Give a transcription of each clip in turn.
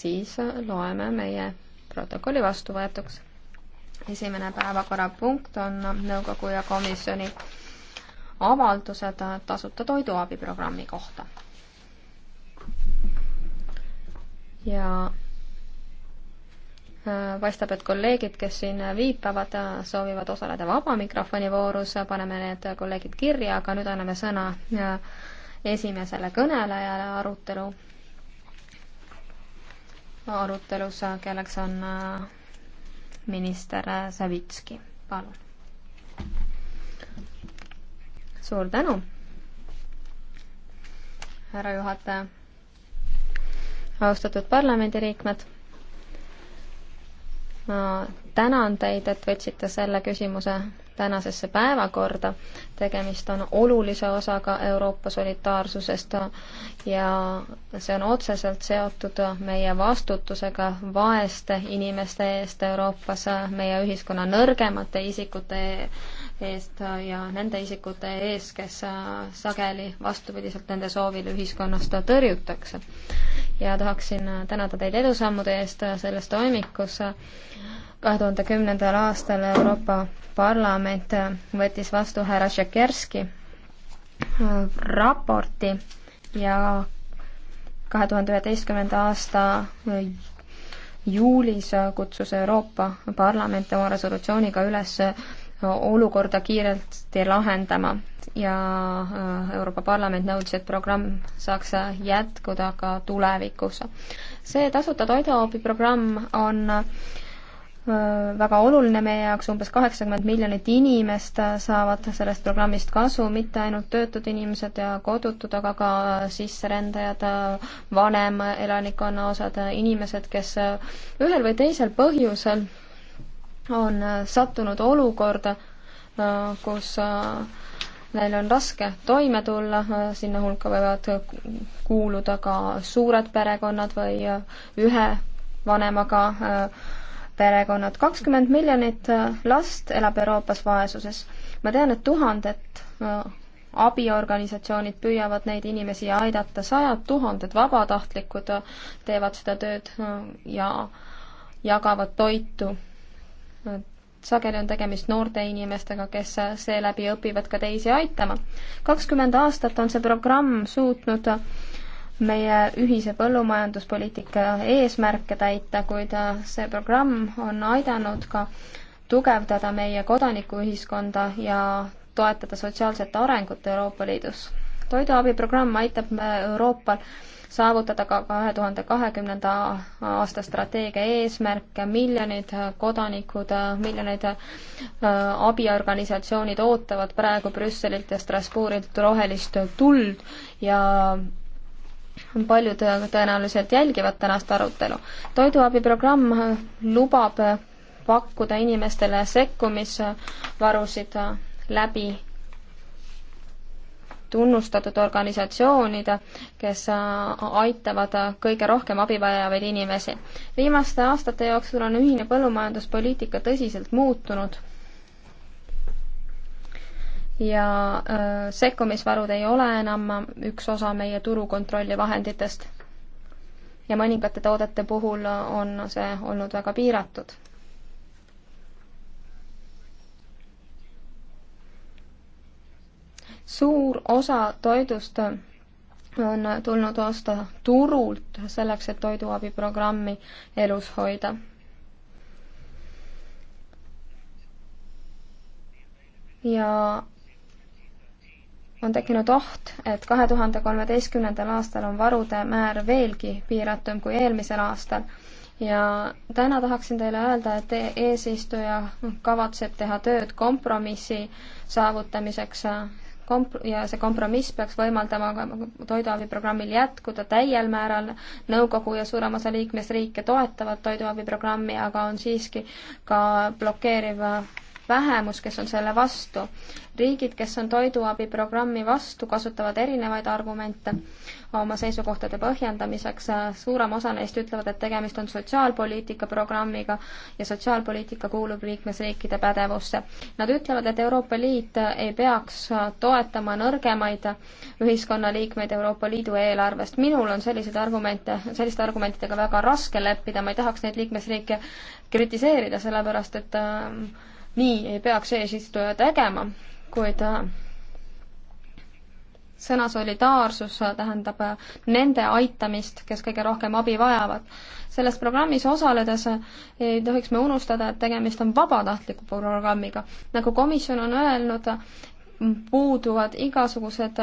siis loeme meie protokolli vastuvõetuks. esimene päevakorrapunkt on nõukogu ja komisjoni avaldused tasuta toiduabi programmi kohta. ja äh, paistab, et kolleegid, kes siin viipavad, soovivad osaleda vaba mikrofoni voorus, paneme need kolleegid kirja, aga nüüd anname sõna äh, esimesele kõnelejale arutelu arutelus, kelleks on äh, minister Savitski, palun. suur tänu, härra juhataja. austatud parlamendiliikmed ma tänan teid, et võtsite selle küsimuse tänasesse päevakorda. tegemist on olulise osaga Euroopa solidaarsusest ja see on otseselt seotud meie vastutusega vaeste inimeste eest Euroopas, meie ühiskonna nõrgemate isikute eest ja nende isikute ees, kes sageli vastupidiselt nende soovile ühiskonnast tõrjutakse. ja tahaksin tänada teid edusammude eest selles toimikus kahe tuhande kümnendal aastal Euroopa Parlament võttis vastu härra Šekerski äh, raporti ja kahe tuhande üheteistkümnenda aasta äh, juulis kutsus Euroopa Parlament oma resolutsiooniga üles äh, olukorda kiirelt lahendama ja Euroopa Parlament nõudis, et programm saaks jätkuda ka tulevikus. see tasuta toiduabi programm on väga oluline meie jaoks, umbes kaheksakümmend miljonit inimest saavad sellest programmist kasu, mitte ainult töötud inimesed ja kodutud, aga ka sisserändajad, vanem elanikkonna osad, inimesed, kes ühel või teisel põhjusel on sattunud olukorda, kus neil on raske toime tulla, sinna hulka võivad kuuluda ka suured perekonnad või ühe vanemaga äh, perekonnad, kakskümmend miljonit äh, last elab Euroopas vaesuses. ma tean, et tuhanded äh, abiorganisatsioonid püüavad neid inimesi aidata, sajad tuhanded vabatahtlikud äh, teevad seda tööd ja jagavad toitu. sageli on tegemist noorte inimestega, kes seeläbi õpivad ka teisi aitama. kakskümmend aastat on see programm suutnud meie ühise põllumajanduspoliitika eesmärke täita, kuid see programm on aidanud ka tugevdada meie kodanikuühiskonda ja toetada sotsiaalset arengut Euroopa Liidus. toiduabiprogramm aitab Euroopal saavutada ka kahe tuhande kahekümnenda aasta strateegia eesmärke, miljonid kodanikud, miljonid äh, abiorganisatsioonid ootavad praegu Brüsselilt ja Strasbourgilt rohelist tuld ja paljud äh, tõenäoliselt jälgivad tänast arutelu. toiduabiprogramm äh, lubab äh, pakkuda inimestele sekkumisvarusid läbi tunnustatud organisatsioonide, kes aitavad kõige rohkem abi vajavaid inimesi. viimaste aastate jooksul on ühine põllumajanduspoliitika tõsiselt muutunud ja äh, sekkumisvarud ei ole enam üks osa meie turukontrolli vahenditest. ja mõningate toodete puhul on see olnud väga piiratud. suur osa toidust on tulnud osta turult selleks, et toiduabiprogrammi elus hoida ja on tekkinud oht, et kahe tuhande kolmeteistkümnendal aastal on varude määr veelgi piiratum kui eelmisel aastal ja täna tahaksin teile öelda, et eesistuja kavatseb teha tööd kompromissi saavutamiseks komp- ja see kompromiss peaks võimaldama toiduabiprogrammil jätkuda täiel määral. nõukogu ja suurem osa liikmesriike toetavad toiduabiprogrammi, aga on siiski ka blokeeriv vähemus, kes on selle vastu. riigid, kes on toiduabiprogrammi vastu, kasutavad erinevaid argumente oma seisukohtade põhjendamiseks. suurem osa neist ütlevad, et tegemist on sotsiaalpoliitika programmiga ja sotsiaalpoliitika kuulub liikmesriikide pädevusse. Nad ütlevad, et Euroopa Liit ei peaks toetama nõrgemaid ühiskonnaliikmeid Euroopa Liidu eelarvest. minul on selliseid argumente, selliste argumentidega väga raske leppida, ma ei tahaks neid liikmesriike kritiseerida, sellepärast et äh, nii ei peaks eesistuja tegema, kuid äh, sõna solidaarsus äh, tähendab äh, nende aitamist, kes kõige rohkem abi vajavad. selles programmis osaledes ei tohiks me unustada, et tegemist on vabatahtliku programmiga. nagu komisjon on öelnud, puuduvad igasugused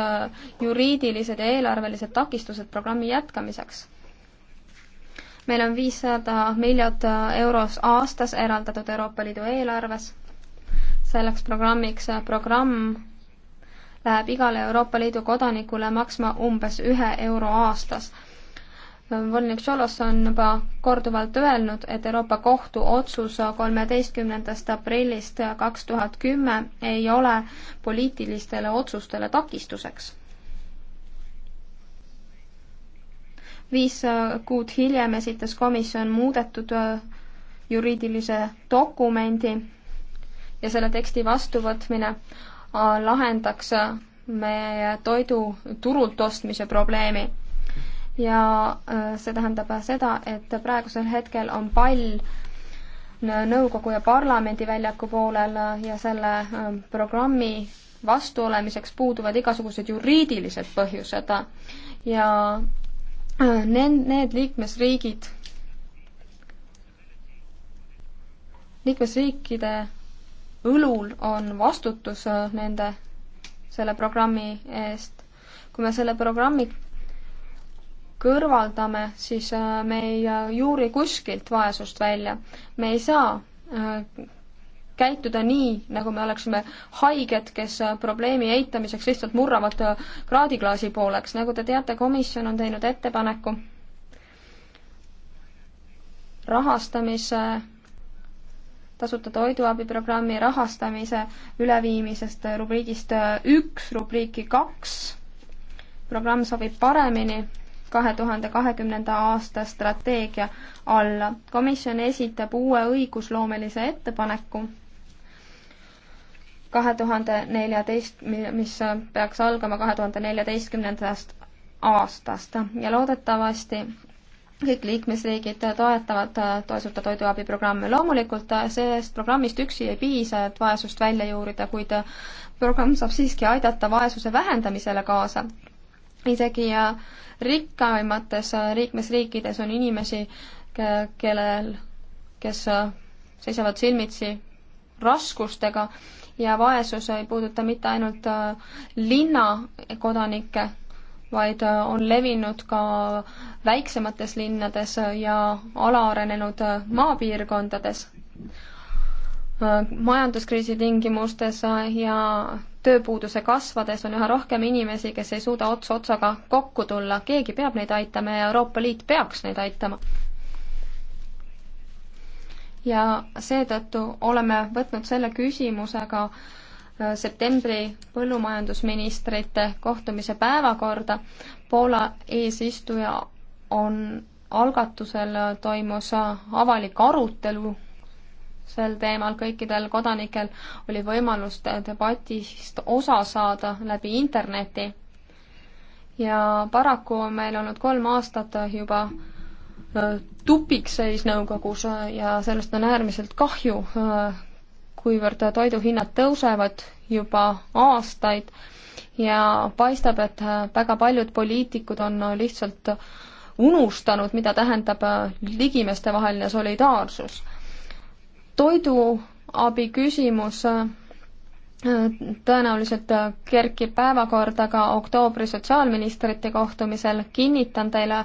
juriidilised ja eelarvelised takistused programmi jätkamiseks meil on viissada miljonit euros aastas eraldatud Euroopa Liidu eelarves. selleks programmiks programm läheb igale Euroopa Liidu kodanikule maksma umbes ühe euro aastas. volinik Solos on juba korduvalt öelnud, et Euroopa Kohtu otsus kolmeteistkümnendast aprillist kaks tuhat kümme ei ole poliitilistele otsustele takistuseks viis äh, kuud hiljem esitas komisjon muudetud äh, juriidilise dokumendi ja selle teksti vastuvõtmine äh, lahendaks meie toidu turult ostmise probleemi. ja see tähendab seda, et praegusel hetkel on pall nõukogu ja parlamendi väljaku poolel ja selle programmi vastu olemiseks puuduvad igasugused juriidilised põhjused ja Äh, need, need liikmesriigid, liikmesriikide õlul on vastutus äh, nende, selle programmi eest. kui me selle programmi kõrvaldame, siis äh, me ei juuri kuskilt vaesust välja. me ei saa käituda nii, nagu me oleksime haiged, kes probleemi eitamiseks lihtsalt murravad kraadiklaasi pooleks. nagu te teate, komisjon on teinud ettepaneku rahastamise tasuta toiduabiprogrammi rahastamise üleviimisest rubriigist üks rubriiki kaks. programm sobib paremini kahe tuhande kahekümnenda aasta strateegia alla. komisjon esitab uue õigusloomelise ettepaneku kahe tuhande neljateist, mis peaks algama kahe tuhande neljateistkümnendast aastast ja loodetavasti kõik liikmesriigid toetavad tasuta toiduabiprogramme. loomulikult sellest programmist üksi ei piisa, et vaesust välja juurida, kuid programm saab siiski aidata vaesuse vähendamisele kaasa. isegi rikkaimates liikmesriikides on inimesi, kellel, kes seisavad silmitsi raskustega ja vaesus ei puuduta mitte ainult äh, linnakodanikke, vaid äh, on levinud ka väiksemates linnades ja alaarenenud äh, maapiirkondades. majanduskriisi tingimustes ja tööpuuduse kasvades on üha rohkem inimesi, kes ei suuda ots otsaga kokku tulla, keegi peab neid aitama ja Euroopa Liit peaks neid aitama ja seetõttu oleme võtnud selle küsimusega äh, septembri põllumajandusministrite kohtumise päevakorda. Poola eesistuja on algatusel toimus äh, avalik arutelu sel teemal, kõikidel kodanikel oli võimalus debatist osa saada läbi interneti. ja paraku on meil olnud kolm aastat juba Äh, tupikseis nõukogus äh, ja sellest on äärmiselt kahju, äh, kuivõrd toiduhinnad tõusevad juba aastaid ja paistab, et väga paljud poliitikud on lihtsalt unustanud, mida tähendab ligimestevaheline solidaarsus. toiduabi küsimus tõenäoliselt kerkib päevakorda ka oktoobri sotsiaalministrite kohtumisel, kinnitan teile,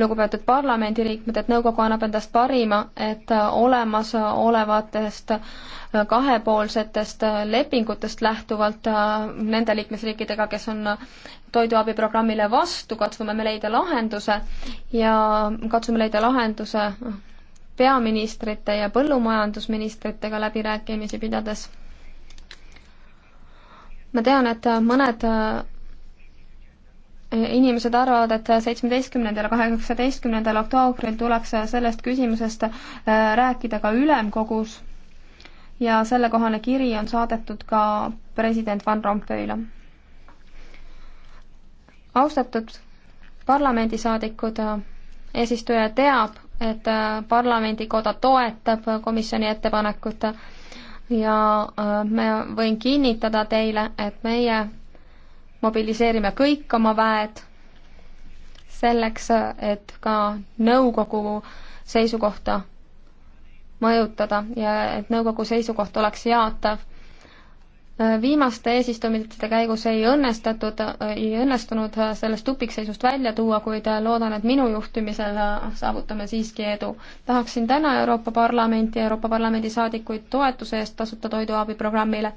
lugupeetud parlamendiliikmed, et nõukogu annab endast parima, et olemasolevatest äh, kahepoolsetest äh, lepingutest lähtuvalt äh, nende liikmesriikidega, kes on toiduabiprogrammile vastu, katsume me leida lahenduse ja katsume leida lahenduse peaministrite ja põllumajandusministritega läbirääkimisi pidades. ma tean, et mõned inimesed arvavad, et seitsmeteistkümnendal ja kaheksateistkümnendal oktoobril tuleks sellest küsimusest äh, rääkida ka ülemkogus ja sellekohane kiri on saadetud ka president Van Rompuyle. austatud parlamendisaadikud, äh, eesistuja teab, et äh, parlamendikoda toetab komisjoni ettepanekut ja me võin kinnitada teile, et meie mobiliseerime kõik oma väed selleks, et ka nõukogu seisukohta mõjutada ja et nõukogu seisukoht oleks jaatav. viimaste eesistumiste käigus ei õnnestatud, ei õnnestunud sellest tupikseisust välja tuua, kuid loodan, et minu juhtimisel saavutame siiski edu. tahaksin täna Euroopa Parlamenti, Euroopa Parlamendi saadikuid toetuse eest tasuta toiduabi programmile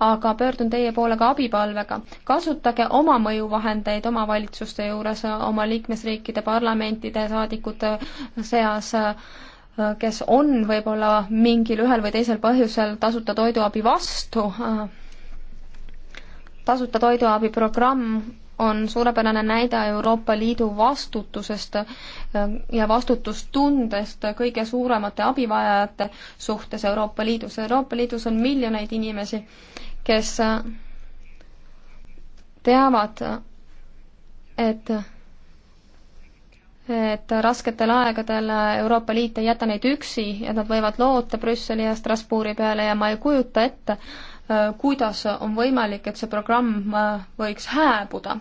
aga pöördun teie poole ka abipalvega. kasutage oma mõjuvahendeid oma valitsuste juures, oma liikmesriikide parlamentide saadikute seas, kes on võib-olla mingil ühel või teisel põhjusel tasuta toiduabi vastu. tasuta toiduabi programm on suurepärane näide Euroopa Liidu vastutusest ja vastutustundest kõige suuremate abivajajate suhtes Euroopa Liidus. Euroopa Liidus on miljoneid inimesi kes teavad, et et rasketel aegadel Euroopa Liit ei jäta neid üksi, et nad võivad loota Brüsseli ja Strasbourgi peale ja ma ei kujuta ette, kuidas on võimalik, et see programm võiks hääbuda.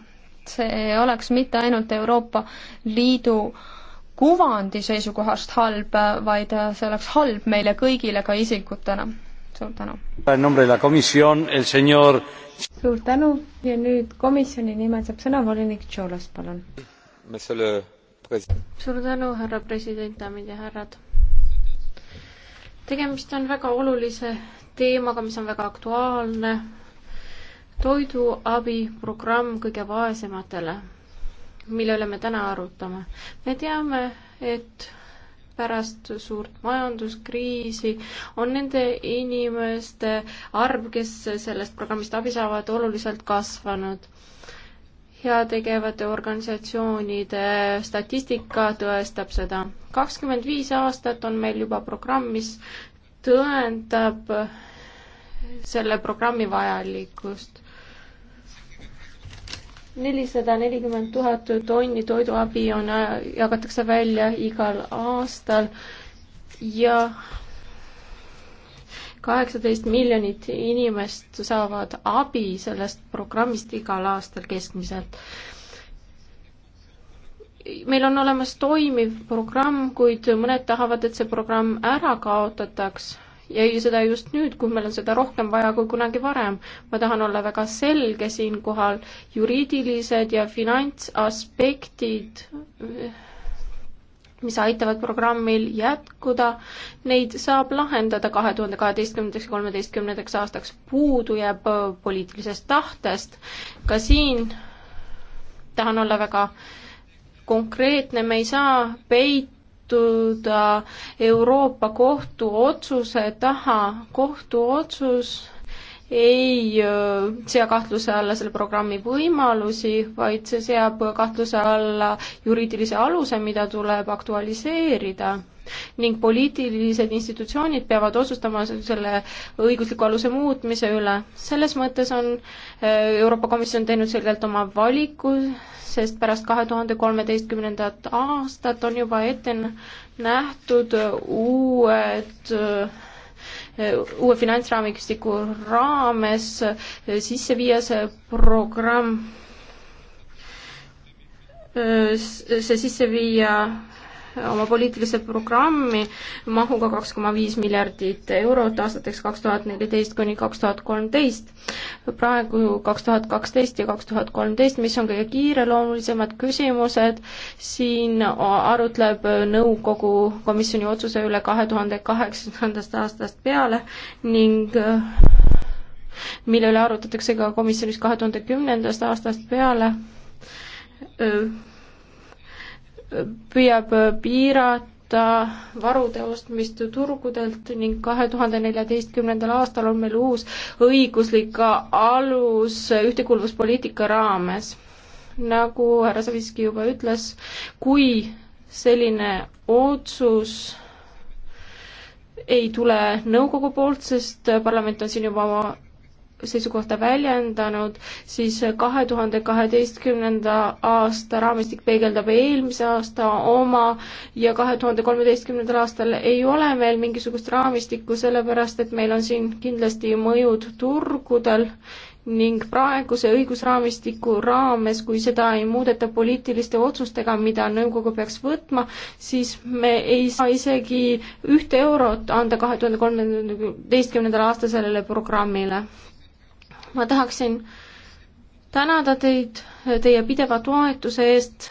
see ei oleks mitte ainult Euroopa Liidu kuvandi seisukohast halb, vaid see oleks halb meile kõigile ka isikutena suur tänu. suur tänu ja nüüd komisjoni nimel saab sõna volinik Tšolos, palun. suur tänu, härra president, daamid ja härrad. tegemist on väga olulise teemaga, mis on väga aktuaalne. toiduabiprogramm kõige vaesematele, mille üle me täna arutame. me teame, et pärast suurt majanduskriisi on nende inimeste arv, kes sellest programmist abi saavad, oluliselt kasvanud. heategevate organisatsioonide statistika tõestab seda. kakskümmend viis aastat on meil juba programm, mis tõendab selle programmi vajalikkust nelisada nelikümmend tuhat tonni toiduabi on, jagatakse välja igal aastal ja kaheksateist miljonit inimest saavad abi sellest programmist igal aastal keskmiselt. meil on olemas toimiv programm, kuid mõned tahavad, et see programm ära kaotataks ja seda just nüüd, kui meil on seda rohkem vaja kui kunagi varem. ma tahan olla väga selge siinkohal, juriidilised ja finantsaspektid, mis aitavad programmil jätkuda, neid saab lahendada kahe tuhande kaheteistkümnendaks ja kolmeteistkümnendaks aastaks. puudu jääb poliitilisest tahtest. ka siin tahan olla väga konkreetne, me ei saa peita mahtuda Euroopa Kohtu otsuse taha. kohtuotsus ei äh, sea kahtluse alla selle programmi võimalusi, vaid see seab kahtluse alla juriidilise aluse, mida tuleb aktualiseerida ning poliitilised institutsioonid peavad otsustama selle õigusliku aluse muutmise üle. selles mõttes on äh, Euroopa Komisjon teinud selgelt oma valiku, sest pärast kahe tuhande kolmeteistkümnendat aastat on juba ette nähtud uued äh, uue finantsraamistiku raames äh, sisse viia see programm, see sisse viia oma poliitilisse programmi mahuga kaks koma viis miljardit eurot aastateks kaks tuhat neliteist kuni kaks tuhat kolmteist. praegu kaks tuhat kaksteist ja kaks tuhat kolmteist, mis on kõige kiireloomulisemad küsimused, siin arutleb nõukogu komisjoni otsuse üle kahe tuhande kaheksandast aastast peale ning mille üle arutatakse ka komisjonis kahe tuhande kümnendast aastast peale püüab piirata varude ostmist turgudelt ning kahe tuhande neljateistkümnendal aastal on meil uus õiguslik alus ühtekuuluvuspoliitika raames. nagu härra Saviski juba ütles, kui selline otsus ei tule nõukogu poolt, sest parlament on siin juba oma seisukohta väljendanud, siis kahe tuhande kaheteistkümnenda aasta raamistik peegeldab eelmise aasta oma ja kahe tuhande kolmeteistkümnendal aastal ei ole meil mingisugust raamistikku, sellepärast et meil on siin kindlasti mõjud turgudel ning praeguse õigusraamistiku raames, kui seda ei muudeta poliitiliste otsustega, mida nõukogu peaks võtma, siis me ei saa isegi ühte eurot anda kahe tuhande kolmeteistkümnendal aastal sellele programmile ma tahaksin tänada teid teie pideva toetuse eest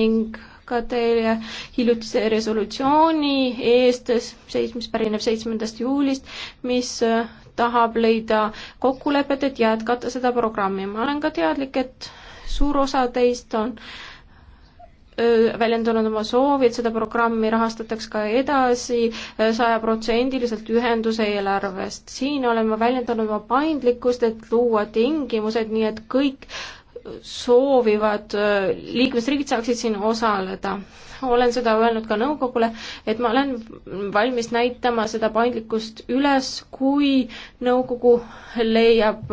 ning ka teie hiljutise resolutsiooni eest, mis pärineb seitsmendast juulist, mis äh, tahab leida kokkulepet, et jätkata seda programmi. ma olen ka teadlik, et suur osa teist on äh, väljendanud oma soovi, et seda programmi rahastataks ka edasi sajaprotsendiliselt ühenduse eelarvest. siin olen ma väljendanud oma paindlikkust, et luua tingimused, nii et kõik soovivad liikmesriigid saaksid siin osaleda. olen seda öelnud ka nõukogule, et ma olen valmis näitama seda paindlikkust üles, kui nõukogu leiab,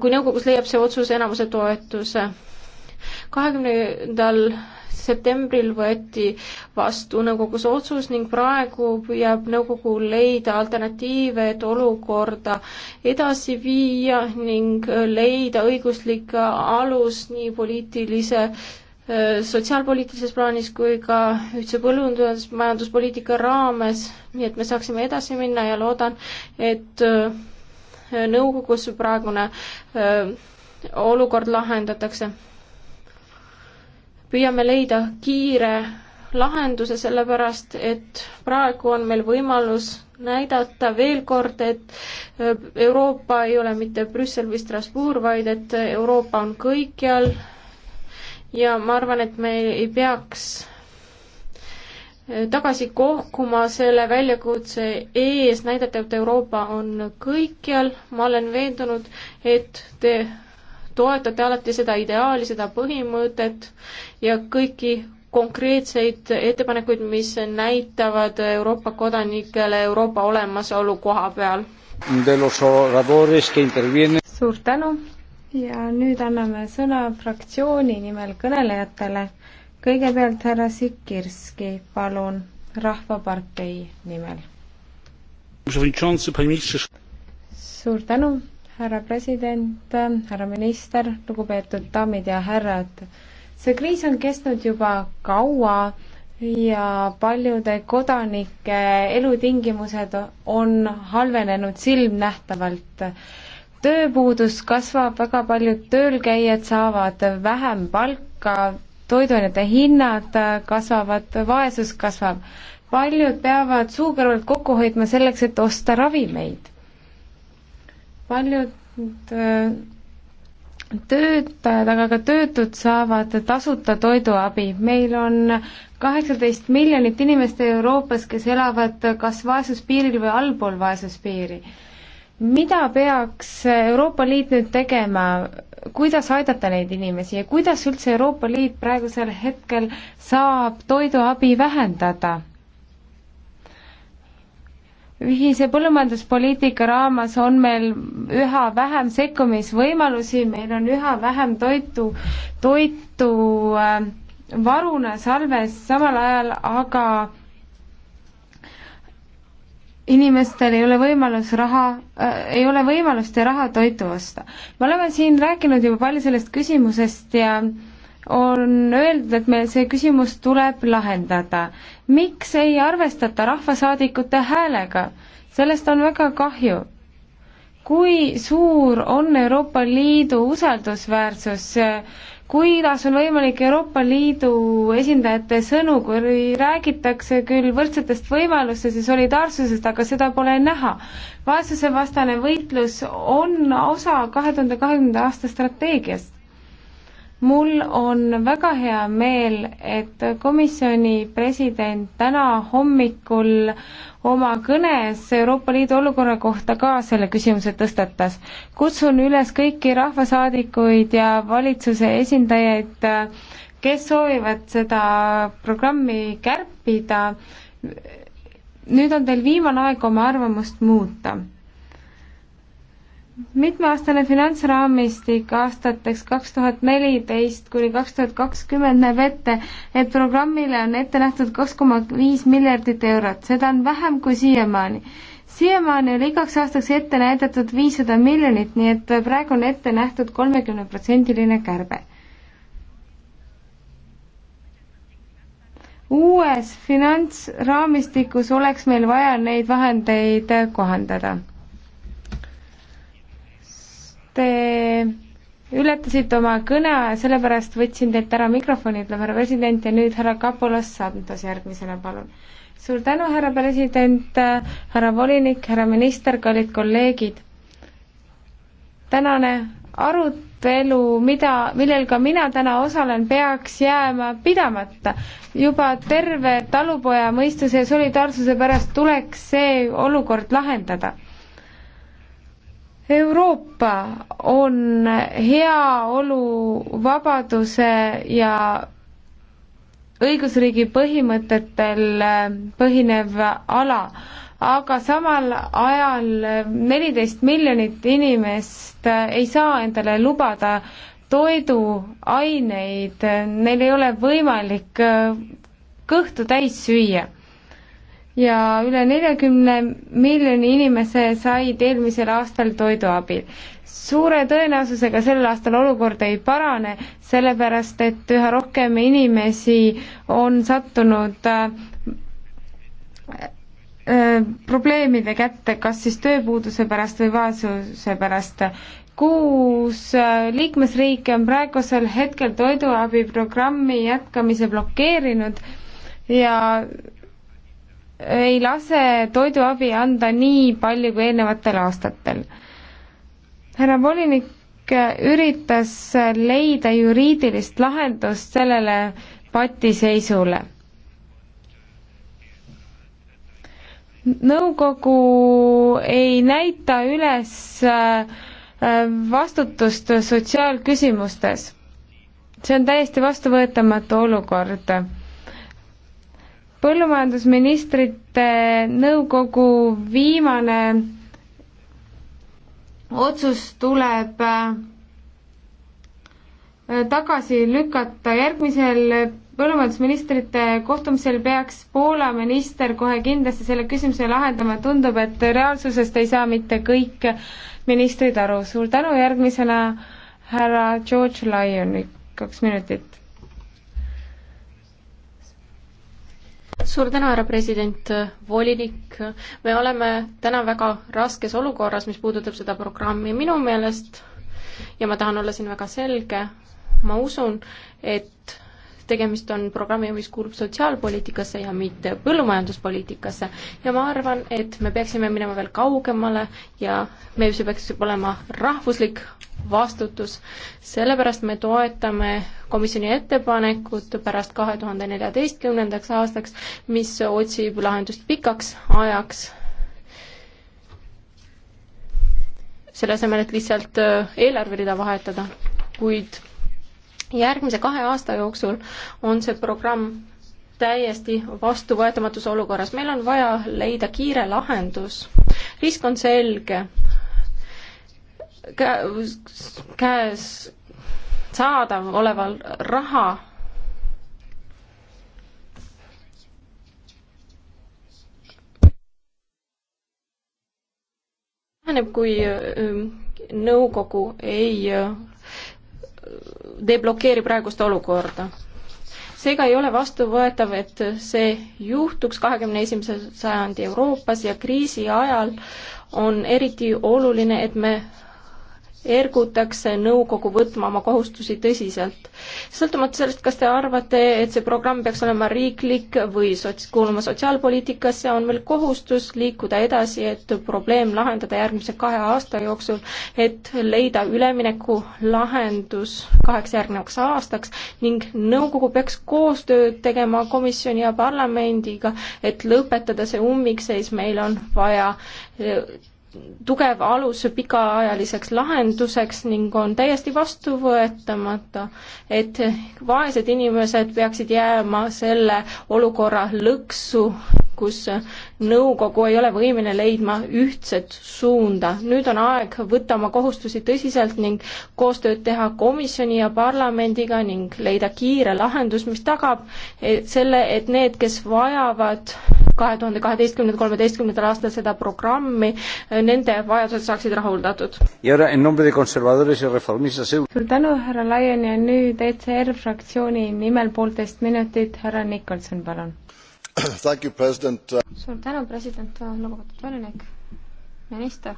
kui nõukogus leiab see otsus enamuse toetuse kahekümnendal septembril võeti vastu nõukogus otsus ning praegu püüab nõukogu leida alternatiive, et olukorda edasi viia ning leida õiguslik alus nii poliitilise äh, sotsiaalpoliitilises plaanis kui ka ühtse põllumajandusmajanduspoliitika raames, nii et me saaksime edasi minna ja loodan, et äh, nõukogus praegune äh, olukord lahendatakse püüame leida kiire lahenduse, sellepärast et praegu on meil võimalus näidata veel kord, et Euroopa ei ole mitte Brüssel või Strasbourg, vaid et Euroopa on kõikjal ja ma arvan, et me ei peaks tagasi kohkuma selle väljakutse ees, näidata, et Euroopa on kõikjal, ma olen veendunud, et te toetate alati seda ideaali, seda põhimõtet ja kõiki konkreetseid ettepanekuid, mis näitavad Euroopa kodanikele Euroopa olemasolu koha peal. suur tänu ja nüüd anname sõna fraktsiooni nimel kõnelejatele. kõigepealt härra Sikirski, palun, Rahvapartei nimel. suur tänu härra president, härra minister, lugupeetud daamid ja härrad. see kriis on kestnud juba kaua ja paljude kodanike elutingimused on halvenenud silmnähtavalt. tööpuudus kasvab, väga paljud tööl käijad saavad vähem palka, toiduainete hinnad kasvavad, vaesus kasvab. paljud peavad suu kõrvalt kokku hoidma selleks, et osta ravimeid paljud äh, töötajad, aga ka töötud saavad tasuta toiduabi. meil on kaheksateist miljonit inimest Euroopas, kes elavad kas vaesuspiiril või allpool vaesuspiiri. mida peaks Euroopa Liit nüüd tegema, kuidas aidata neid inimesi ja kuidas üldse Euroopa Liit praegusel hetkel saab toiduabi vähendada? ühise põllumajanduspoliitika raames on meil üha vähem sekkumisvõimalusi, meil on üha vähem toitu, toitu äh, varuna salves, samal ajal aga inimestel ei ole võimalus raha äh,, ei ole võimalust ja raha toitu osta. me oleme siin rääkinud juba palju sellest küsimusest ja äh, on öeldud, et meil see küsimus tuleb lahendada. miks ei arvestata rahvasaadikute häälega? sellest on väga kahju. kui suur on Euroopa Liidu usaldusväärsus, kuidas on võimalik Euroopa Liidu esindajate sõnu, kui räägitakse küll võrdsetest võimalustest ja solidaarsusest, aga seda pole näha. vaesusevastane võitlus on osa kahe tuhande kahekümnenda aasta strateegiast mul on väga hea meel, et komisjoni president täna hommikul oma kõnes Euroopa Liidu olukorra kohta ka selle küsimuse tõstatas. kutsun üles kõiki rahvasaadikuid ja valitsuse esindajaid, kes soovivad seda programmi kärpida, nüüd on teil viimane aeg oma arvamust muuta mitmeaastane finantsraamistik aastateks kaks tuhat neliteist kuni kaks tuhat kakskümmend näeb ette, et programmile on ette nähtud kaks koma viis miljardit eurot, seda on vähem kui siiamaani. siiamaani oli igaks aastaks ette näidatud viissada miljonit, nii et praegu on ette nähtud kolmekümneprotsendiline kärbe. uues finantsraamistikus oleks meil vaja neid vahendeid kohandada Te ületasite oma kõne, sellepärast võtsin teilt ära mikrofoni, ütleb härra president ja nüüd härra Kapolas Santos järgmisena, palun. suur tänu, härra president, härra volinik, härra minister, kallid kolleegid. tänane arutelu, mida, millel ka mina täna osalen, peaks jääma pidamata. juba terve talupoja mõistuse ja solidaarsuse pärast tuleks see olukord lahendada Euroopa on heaolu, vabaduse ja õigusriigi põhimõtetel põhinev ala, aga samal ajal neliteist miljonit inimest ei saa endale lubada toiduaineid, neil ei ole võimalik kõhtu täis süüa ja üle neljakümne miljoni inimese said eelmisel aastal toiduabi. suure tõenäosusega sel aastal olukord ei parane, sellepärast et üha rohkem inimesi on sattunud äh, äh, probleemide kätte, kas siis tööpuuduse pärast või vaesuse pärast. kuus äh, liikmesriiki on praegusel hetkel toiduabiprogrammi jätkamise blokeerinud ja ei lase toiduabi anda nii palju kui eelnevatel aastatel. härra volinik üritas leida juriidilist lahendust sellele patiseisule. nõukogu ei näita üles äh, vastutust sotsiaalküsimustes. see on täiesti vastuvõetamatu olukord põllumajandusministrite nõukogu viimane otsus tuleb äh, tagasi lükata. järgmisel põllumajandusministrite kohtumisel peaks Poola minister kohe kindlasti selle küsimuse lahendama. tundub, et reaalsusest ei saa mitte kõik ministrid aru. suur tänu, järgmisena härra George Lyon, kaks minutit suur tänu, härra president, volinik. me oleme täna väga raskes olukorras, mis puudutab seda programmi minu meelest ja ma tahan olla siin väga selge, ma usun, et tegemist on programmiga, mis kuulub sotsiaalpoliitikasse ja mitte põllumajanduspoliitikasse ja ma arvan, et me peaksime minema veel kaugemale ja meil see peaks olema rahvuslik vastutus, sellepärast me toetame komisjoni ettepanekut pärast kahe tuhande neljateistkümnendaks aastaks, mis otsib lahendust pikaks ajaks, selle asemel, et lihtsalt äh, eelarverida vahetada, kuid järgmise kahe aasta jooksul on see programm täiesti vastuvõetamatus olukorras. meil on vaja leida kiire lahendus. risk on selge. käes saadav oleval raha väheneb, kui äh, nõukogu ei äh, deblokeeri praegust olukorda. seega ei ole vastuvõetav, et see juhtuks kahekümne esimese sajandi Euroopas ja kriisi ajal on eriti oluline, et me ergutakse nõukogu võtma oma kohustusi tõsiselt. sõltumata sellest, kas te arvate, et see programm peaks olema riiklik või sots-, kuuluma sotsiaalpoliitikasse, on meil kohustus liikuda edasi, et probleem lahendada järgmise kahe aasta jooksul, et leida ülemineku lahendus kaheks järgnevaks aastaks ning nõukogu peaks koostööd tegema komisjoni ja parlamendiga, et lõpetada see ummikseis, meil on vaja tugev alus pikaajaliseks lahenduseks ning on täiesti vastuvõetamata, et vaesed inimesed peaksid jääma selle olukorra lõksu, kus nõukogu ei ole võimeline leidma ühtset suunda. nüüd on aeg võtta oma kohustusi tõsiselt ning koostööd teha komisjoni ja parlamendiga ning leida kiire lahendus, mis tagab eh, selle, et need, kes vajavad kahe tuhande kaheteistkümnendal, kolmeteistkümnendal aastal seda programmi, eh, nende vajadused saaksid rahuldatud. suur tänu, härra Laian ja nüüd ECR fraktsiooni nimel poolteist minutit, härra Nikolson, palun suur tänu, president, lugupeetud volinik, minister.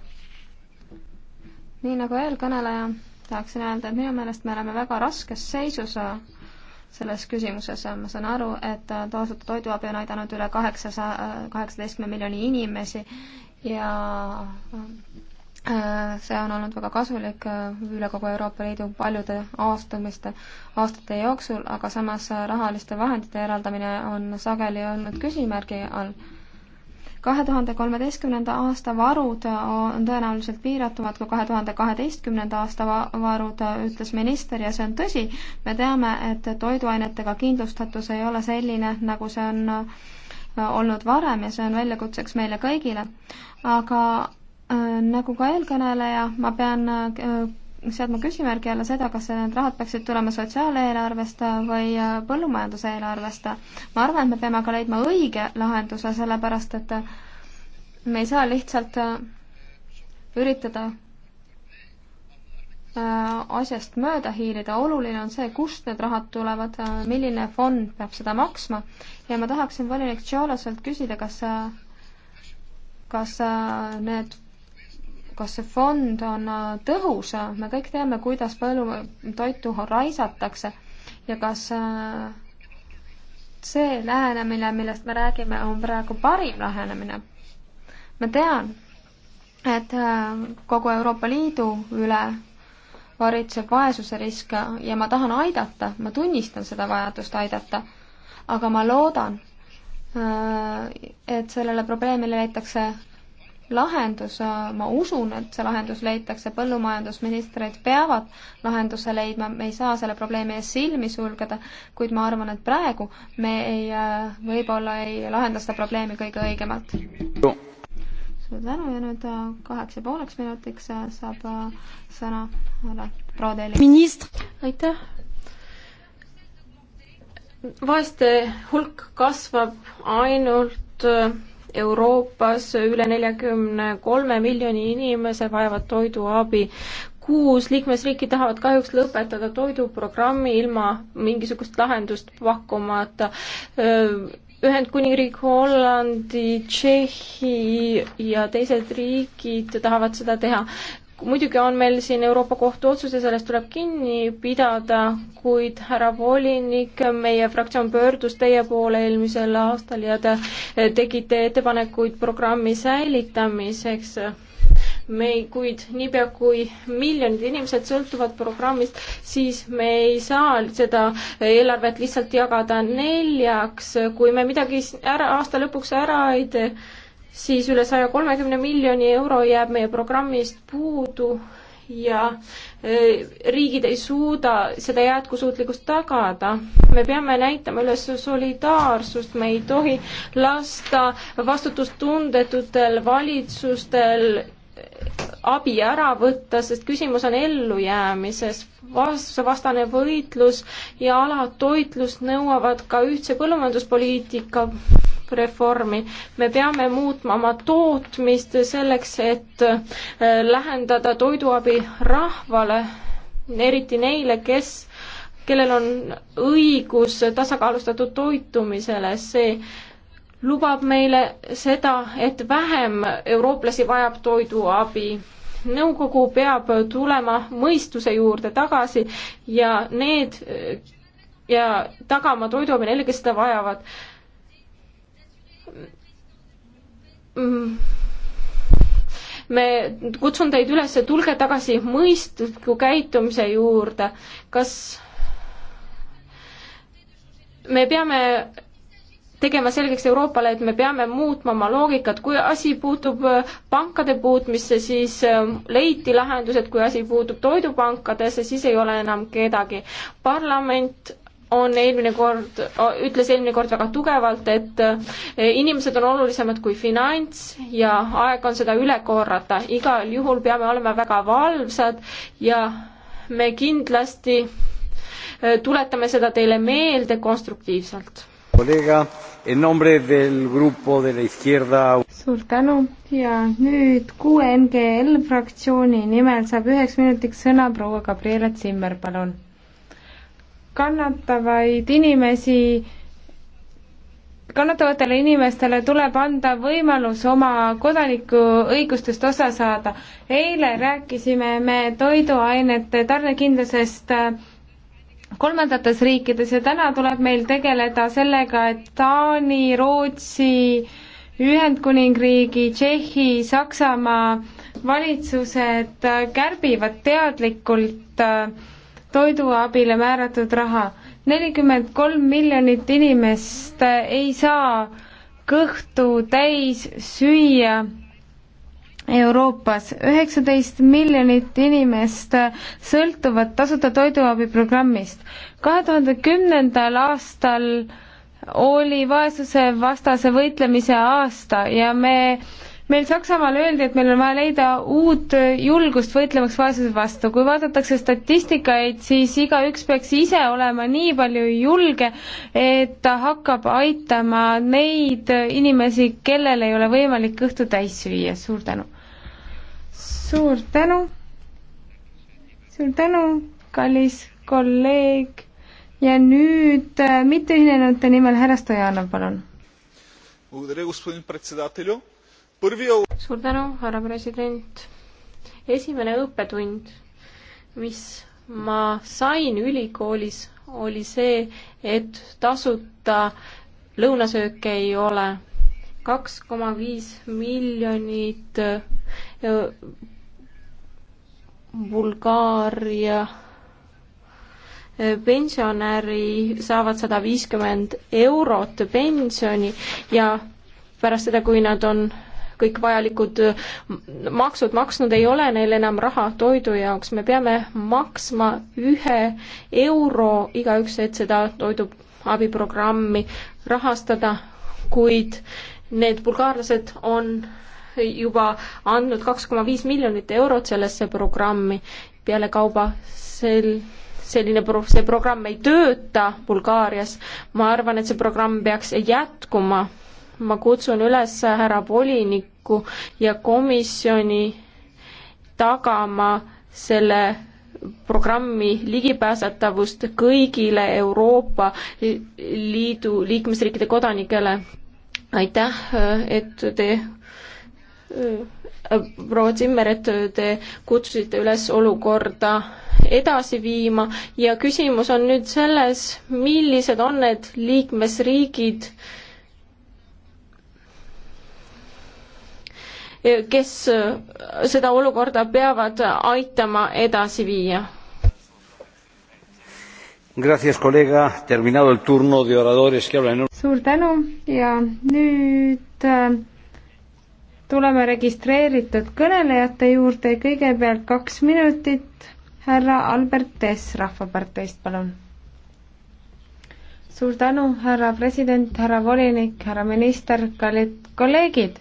nii nagu eelkõneleja, tahaksin öelda, et minu meelest me oleme väga raskes seisus äh, selles küsimuses. ma saan aru, et äh, tasuta toiduabi on aidanud üle kaheksasaja, äh, kaheksateistkümne miljoni inimesi ja Äh, see on olnud väga kasulik äh, üle kogu Euroopa Liidu paljude aastamiste, aastate jooksul, aga samas äh, rahaliste vahendite eraldamine on sageli olnud küsimärgi all. kahe tuhande kolmeteistkümnenda aasta varud on tõenäoliselt piiratumad kui kahe tuhande kaheteistkümnenda aasta varud, ütles minister ja see on tõsi. me teame, et toiduainetega kindlustatus ei ole selline, nagu see on olnud varem ja see on väljakutseks meile kõigile. aga Äh, nagu ka eelkõneleja, ma pean äh, seadma küsimärgi alla seda, kas need rahad peaksid tulema sotsiaaleelarvest äh, või põllumajanduse eelarvest. ma arvan, et me peame ka leidma õige lahenduse, sellepärast et me ei saa lihtsalt üritada asjast mööda hiilida, oluline on see, kust need rahad tulevad, milline fond peab seda maksma ja ma tahaksin volinik Tšoloselt küsida, kas, kas need kas see fond on äh, tõhus, me kõik teame, kuidas palju toitu raisatakse ja kas äh, see lähenemine, millest me räägime, on praegu parim lähenemine. ma tean, et äh, kogu Euroopa Liidu üle varitseb vaesuse risk ja ma tahan aidata, ma tunnistan seda vajadust aidata, aga ma loodan, et sellele probleemile leitakse lahendus, ma usun, et see lahendus leitakse, põllumajandusministrid peavad lahenduse leidma, me ei saa selle probleemi ees silmi sulgeda, kuid ma arvan, et praegu me ei, võib-olla ei lahenda seda probleemi kõige õigemalt. suur tänu ja nüüd äh, kaheks ja pooleks minutiks äh, saab äh, sõna härra Proodeli. aitäh! vaeste hulk kasvab ainult Euroopas üle neljakümne kolme miljoni inimese vajavad toiduabi. kuus liikmesriiki tahavad kahjuks lõpetada toiduprogrammi ilma mingisugust lahendust pakkumata. Ühendkuningriik, Hollandi, Tšehhi ja teised riigid tahavad seda teha muidugi on meil siin Euroopa Kohtu otsus ja sellest tuleb kinni pidada, kuid härra volinik, meie fraktsioon pöördus teie poole eelmisel aastal ja te tegite ettepanekuid programmi säilitamiseks. me, kuid niipea, kui miljonid inimesed sõltuvad programmist, siis me ei saa seda eelarvet lihtsalt jagada neljaks, kui me midagi ära, aasta lõpuks ära ei tee siis üle saja kolmekümne miljoni euro jääb meie programmist puudu ja eh, riigid ei suuda seda jätkusuutlikkust tagada. me peame näitama üles solidaarsust, me ei tohi lasta vastutustundetutel valitsustel abi ära võtta, sest küsimus on ellujäämises. vastusevastane võitlus ja alatoitlus nõuavad ka ühtse põllumajanduspoliitika reformi. me peame muutma oma tootmist selleks, et äh, lähendada toiduabi rahvale, eriti neile, kes kellel on õigus tasakaalustatud toitumisele, see lubab meile seda, et vähem eurooplasi vajab toiduabi. nõukogu peab tulema mõistuse juurde tagasi ja need äh, ja tagama toiduabi neile, kes seda vajavad Mhm. me, kutsun teid üles, tulge tagasi mõistliku käitumise juurde. kas me peame tegema selgeks Euroopale, et me peame muutma oma loogikat, kui asi puutub äh, pankade puutmisse, siis äh, leiti lahendused, kui asi puutub toidupankadesse, siis ei ole enam kedagi. parlament on eelmine kord, ütles eelmine kord väga tugevalt, et eh, inimesed on olulisemad kui finants ja aeg on seda üle korrata. igal juhul peame olema väga valvsad ja me kindlasti eh, tuletame seda teile meelde konstruktiivselt. suur tänu ja nüüd QNGL fraktsiooni nimel saab üheks minutiks sõna proua Gabriela Zimmer, palun kannatavaid inimesi, kannatavatele inimestele tuleb anda võimalus oma kodanikuõigustest osa saada. eile rääkisime me toiduainete tarnekindlusest äh, kolmandates riikides ja täna tuleb meil tegeleda sellega, et Taani, Rootsi, Ühendkuningriigi, Tšehhi, Saksamaa valitsused äh, kärbivad teadlikult äh, toiduabile määratud raha. nelikümmend kolm miljonit inimest ei saa kõhtu täis süüa Euroopas. üheksateist miljonit inimest sõltuvad tasuta toiduabiprogrammist. kahe tuhande kümnendal aastal oli vaesuse vastase võitlemise aasta ja me äh, meil Saksamaal öeldi, et meil on vaja leida uut julgust võitlemaks vaesuse vastu. kui vaadatakse statistikaid, siis igaüks peaks ise olema nii palju julge, et ta hakkab aitama neid inimesi, kellel ei ole võimalik õhtu täis süüa. suur tänu! suur tänu! suur tänu, kallis kolleeg! ja nüüd äh, mitteühinenute nimel härra Stojanov, palun! Благодаря, господин председателю suur tänu, härra president. esimene õppetund, mis ma sain ülikoolis, oli see, et tasuta lõunasööke ei ole. kaks koma viis miljonit äh, Bulgaaria äh, pensionäri saavad sada viiskümmend eurot pensioni ja pärast seda, kui nad on kõik vajalikud äh, maksud maksnud, ei ole neil enam raha toidu jaoks. me peame maksma ühe euro igaüks, et seda toiduabiprogrammi rahastada, kuid need bulgaarlased on juba andnud kaks koma viis miljonit eurot sellesse programmi. pealekauba sel selline pro-, see programm ei tööta Bulgaarias, ma arvan, et see programm peaks jätkuma ma kutsun üles härra volinikku ja komisjoni tagama selle programmi ligipääsetavust kõigile Euroopa Liidu liikmesriikide kodanikele. aitäh, et te äh, proua Zimmer, et te kutsusite üles olukorda edasi viima ja küsimus on nüüd selles, millised on need liikmesriigid, kes äh, seda olukorda peavad aitama edasi viia. suur tänu ja nüüd äh, tuleme registreeritud kõnelejate juurde, kõigepealt kaks minutit, härra Albert Tess Rahvaparteist, palun. suur tänu, härra president, härra volinik, härra minister, kallid kolleegid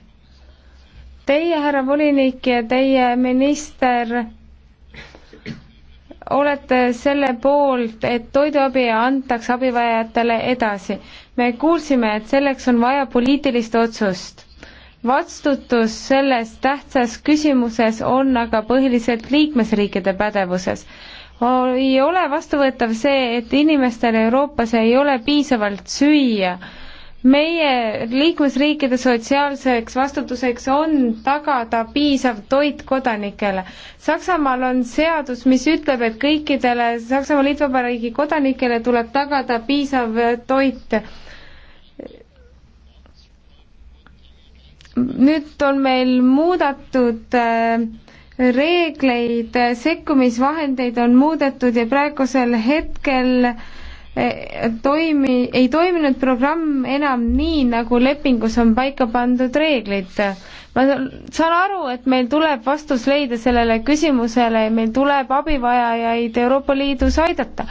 Teie, härra volinik ja teie minister olete selle poolt, et toiduabi antaks abivajajatele edasi. me kuulsime, et selleks on vaja poliitilist otsust. vastutus selles tähtsas küsimuses on aga põhiliselt liikmesriikide pädevuses. ei ole vastuvõetav see, et inimestel Euroopas ei ole piisavalt süüa meie liikmesriikide sotsiaalseks vastutuseks on tagada piisav toit kodanikele. Saksamaal on seadus, mis ütleb, et kõikidele Saksamaa Liitvabariigi kodanikele tuleb tagada piisav toit. nüüd on meil muudatud äh, reegleid, sekkumisvahendeid on muudetud ja praegusel hetkel äh, Eh, toimi, ei toiminud programm enam nii, nagu lepingus on paika pandud reeglid. ma saan aru, et meil tuleb vastus leida sellele küsimusele ja meil tuleb abivajajaid Euroopa Liidus aidata,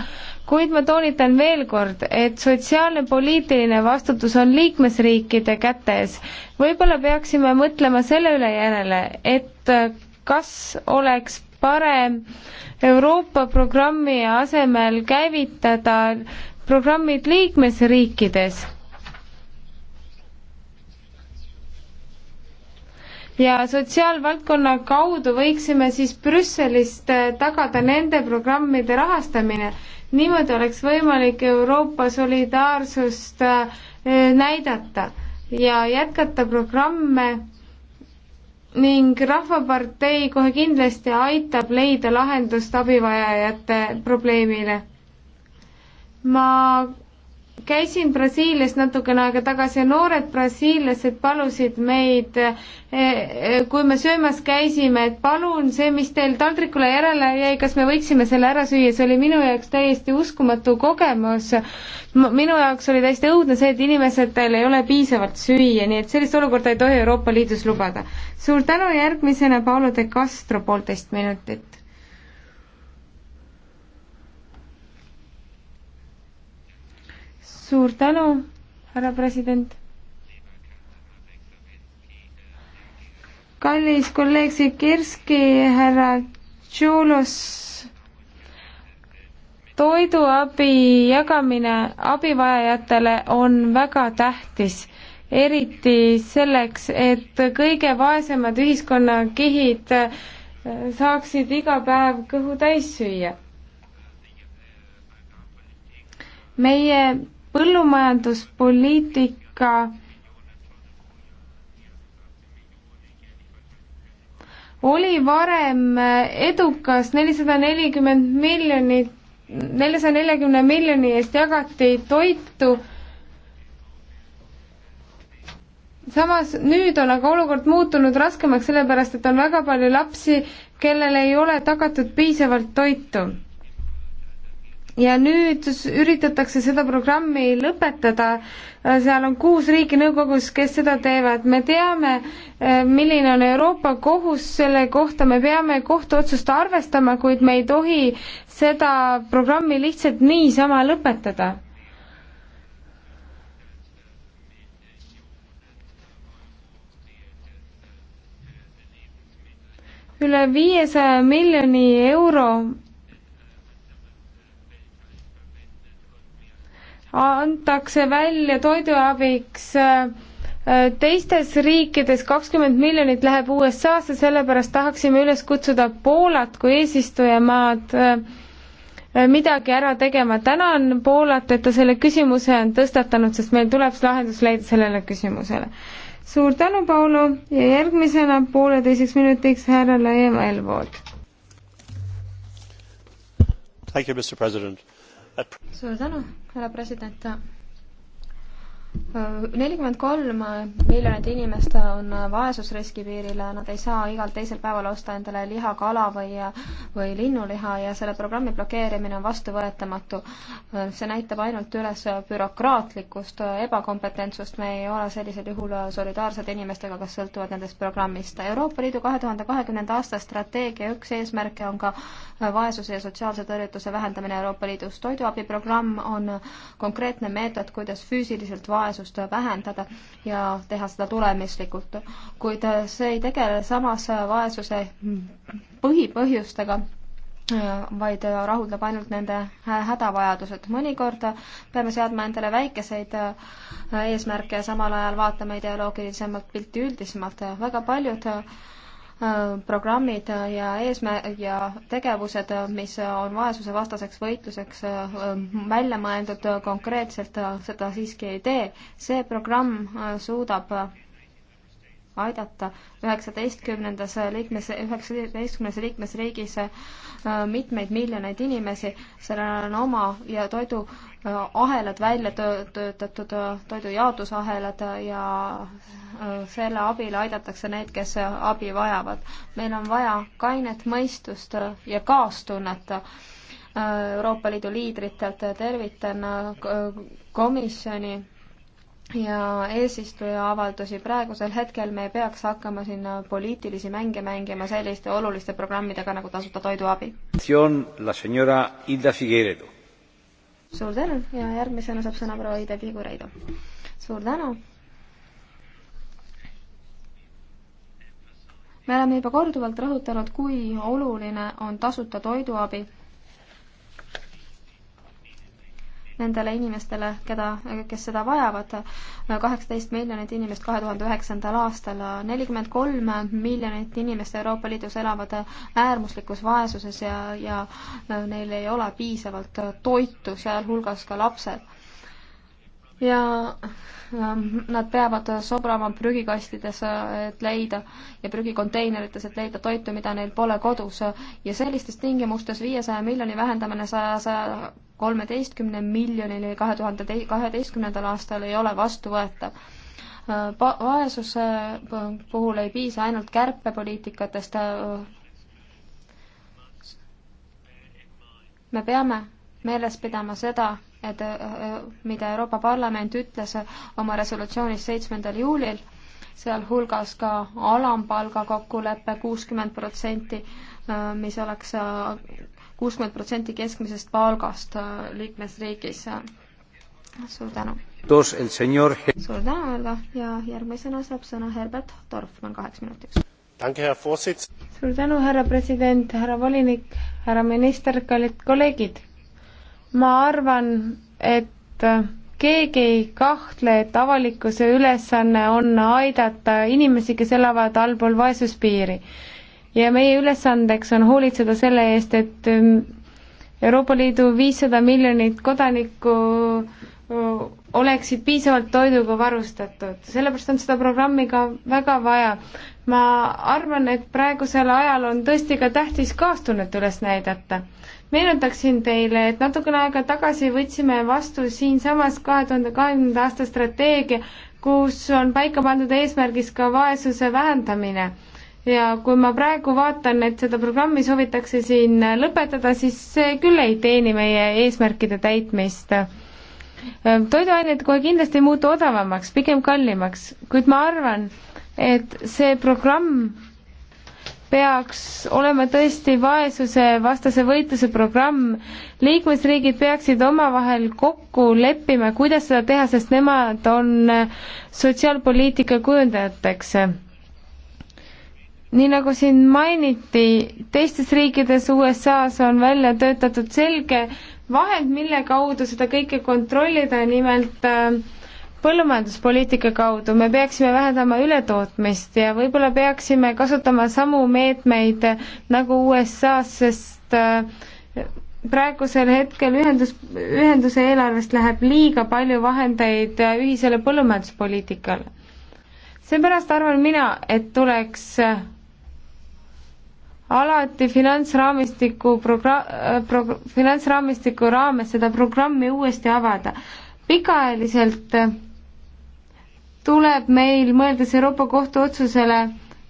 kuid ma toonitan veel kord, et sotsiaalne poliitiline vastutus on liikmesriikide kätes. võib-olla peaksime mõtlema selle üle järele, et kas oleks parem Euroopa programmi asemel käivitada programmid liikmesriikides. ja sotsiaalvaldkonna kaudu võiksime siis Brüsselist äh, tagada nende programmide rahastamine. niimoodi oleks võimalik Euroopa solidaarsust äh, näidata ja jätkata programme ning Rahvapartei kohe kindlasti aitab leida lahendust abivajajate probleemile. ma käisin Brasiilias natukene aega tagasi ja noored brasiillased palusid meid, eh, eh, kui me söömas käisime, et palun see, mis teil taldrikule järele jäi, kas me võiksime selle ära süüa, see oli minu jaoks täiesti uskumatu kogemus. minu jaoks oli täiesti õudne see, et inimesetel ei ole piisavalt süüa, nii et sellist olukorda ei tohi Euroopa Liidus lubada. suur tänu, järgmisena Paolo de Castro, poolteist minutit. suur tänu, härra president. kallis kolleeg Sikirski, härra Tšulos, toiduabi jagamine abivajajatele on väga tähtis eriti selleks, et kõige vaesemad ühiskonnakihid äh, saaksid iga päev kõhu täis süüa. meie põllumajanduspoliitika oli varem edukas, nelisada nelikümmend miljonit, neljasaja neljakümne miljoni eest jagati toitu. samas nüüd on aga olukord muutunud raskemaks, sellepärast et on väga palju lapsi, kellel ei ole tagatud piisavalt toitu ja nüüd üritatakse seda programmi lõpetada, äh, seal on kuus riiki nõukogus, kes seda teevad, me teame, äh, milline on Euroopa kohus selle kohta, me peame kohtuotsust arvestama, kuid me ei tohi seda programmi lihtsalt niisama lõpetada. üle viiesaja miljoni euro antakse välja toiduabiks äh, teistes riikides kakskümmend miljonit läheb USA-sse, sellepärast tahaksime üles kutsuda Poolat kui eesistujamaad äh, midagi ära tegema. tänan Poolat, et ta selle küsimuse on tõstatanud, sest meil tuleb lahendus leida sellele küsimusele. suur tänu, Paulo, ja järgmisena pooleteiseks minutiks härra Laiema Elvood. suur tänu härra president nelikümmend kolm miljonit inimest on vaesusriski piiril, nad ei saa igal teisel päeval osta endale liha, kala või, või linnuliha ja selle programmi blokeerimine on vastuvõetamatu. see näitab ainult üles bürokraatlikkust, ebakompetentsust, me ei ole sellisel juhul solidaarsed inimestega, kes sõltuvad nendest programmist. Euroopa Liidu kahe tuhande kahekümnenda aasta strateegia üks eesmärke on ka vaesuse ja sotsiaalse tõrjutuse vähendamine Euroopa Liidus. toiduabiprogramm on konkreetne meetod, kuidas füüsiliselt vaesust vaesust vähendada ja teha seda tulemuslikult. kuid see ei tegele samas vaesuse põhipõhjustega, vaid rahuldab ainult nende hädavajadused. mõnikord peame seadma endale väikeseid eesmärke ja samal ajal vaatame ideoloogilisemalt pilti üldisemalt. väga paljud Äh, programmid ja eesmär- ja tegevused, mis on vaesusevastaseks võitluseks äh, äh, välja mõeldud konkreetselt, seda siiski ei tee. see programm suudab aidata üheksateistkümnendas liikmes, üheksateistkümnes liikmesriigis äh, mitmeid miljoneid inimesi, sellel on oma ja toiduahelad äh, välja töötatud, äh, toidu jaotusahelad ja selle abil aidatakse neid, kes abi vajavad. meil on vaja kainet mõistust ja kaastunnet Euroopa Liidu liidritelt, tervitan komisjoni ja eesistuja avaldusi. praegusel hetkel me ei peaks hakkama sinna poliitilisi mänge mängima selliste oluliste programmidega nagu tasuta toiduabi. suur tänu ja järgmisena saab sõna proua Ida Figureido. suur tänu. me oleme juba korduvalt rõhutanud, kui oluline on tasuta toiduabi nendele inimestele, keda, kes seda vajavad. kaheksateist miljonit inimest kahe tuhande üheksandal aastal, nelikümmend kolm miljonit inimest Euroopa Liidus elavad äärmuslikus vaesuses ja, ja neil ei ole piisavalt toitu, sealhulgas ka lapsed ja ähm, nad peavad sobrama prügikastides, et leida ja prügikonteinerites, et leida toitu, mida neil pole kodus ja sellistes tingimustes viiesaja miljoni vähendamine saja, saja kolmeteistkümne miljonini kahe tuhande kaheteistkümnendal aastal ei ole vastuvõetav. vaesuse puhul ei piisa ainult kärpepoliitikatest. me peame meeles pidama seda, et mida Euroopa Parlament ütles oma resolutsioonis seitsmendal juulil, sealhulgas ka alampalga kokkulepe kuuskümmend protsenti, mis oleks kuuskümmend protsenti keskmisest palgast äh, liikmesriigis. suur tänu! suur tänu, Helga, ja järgmisena saab sõna Herbert Dorfmann kaheks minutiks. suur tänu, härra president, härra volinik, härra minister, kallid kolleegid! ma arvan, et keegi ei kahtle, et avalikkuse ülesanne on aidata inimesi, kes elavad allpool vaesuspiiri ja meie ülesandeks on hoolitseda selle eest, et ähm, Euroopa Liidu viissada miljonit kodanikku äh, oleksid piisavalt toiduga varustatud, sellepärast on seda programmi ka väga vaja. ma arvan, et praegusel ajal on tõesti ka tähtis kaastunnet üles näidata. meenutaksin teile, et natukene aega tagasi võtsime vastu siinsamas kahe tuhande kahekümnenda aasta strateegia, kus on paika pandud eesmärgis ka vaesuse vähendamine ja kui ma praegu vaatan, et seda programmi soovitakse siin lõpetada, siis see küll ei teeni meie eesmärkide täitmist. Ehm, toiduained kohe kindlasti ei muutu odavamaks, pigem kallimaks, kuid ma arvan, et see programm peaks olema tõesti vaesusevastase võitluse programm. liikmesriigid peaksid omavahel kokku leppima, kuidas seda teha, sest nemad on sotsiaalpoliitika kujundajateks nii nagu siin mainiti, teistes riikides USA-s on välja töötatud selge vahend, mille kaudu seda kõike kontrollida, nimelt äh, põllumajanduspoliitika kaudu me peaksime vähendama ületootmist ja võib-olla peaksime kasutama samu meetmeid nagu USA-s, sest äh, praegusel hetkel ühendus, ühenduse eelarvest läheb liiga palju vahendeid äh, ühisele põllumajanduspoliitikale. seepärast arvan mina, et tuleks alati finantsraamistiku progra-, äh, pro-, finantsraamistiku raames seda programmi uuesti avada. pikaajaliselt äh, tuleb meil, mõeldes Euroopa Kohtu otsusele,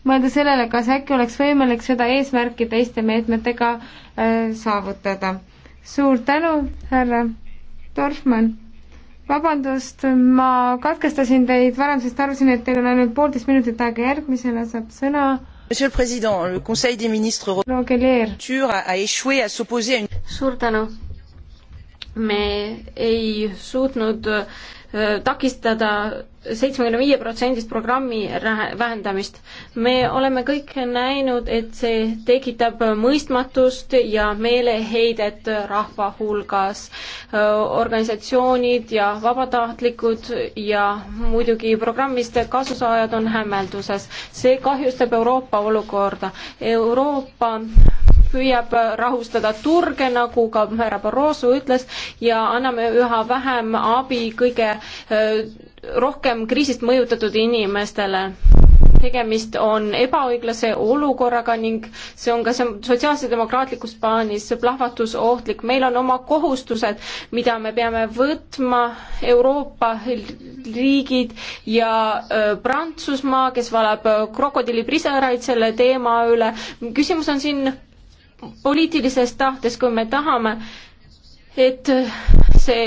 mõelda sellele, kas äkki oleks võimalik seda eesmärki teiste meetmetega äh, saavutada. suur tänu, härra Dorfmann! vabandust, ma katkestasin teid varem, sest arvasin, et teil on ainult poolteist minutit aega, järgmisena saab sõna Monsieur le Président, le Conseil des ministres européen a échoué à s'opposer à une... suur tänu. me ei suutnud takistada seitsmekümne viie protsendist programmi vähendamist. me oleme kõik näinud, et see tekitab mõistmatust ja meeleheidet rahva hulgas. organisatsioonid ja vabatahtlikud ja muidugi programmist kasusaajad on hämmelduses. see kahjustab Euroopa olukorda. Euroopa püüab äh, rahustada turge, nagu ka härra Barroso ütles, ja anname üha vähem abi kõige äh, rohkem kriisist mõjutatud inimestele tegemist on ebaõiglase olukorraga ning see on ka see sotsiaalse demokraatliku Hispaanias plahvatusohtlik. meil on oma kohustused, mida me peame võtma Euroopa riigid ja äh, Prantsusmaa, kes valab krokodillipisaraid selle teema üle. küsimus on siin poliitilisest tahtest, kui me tahame, et see,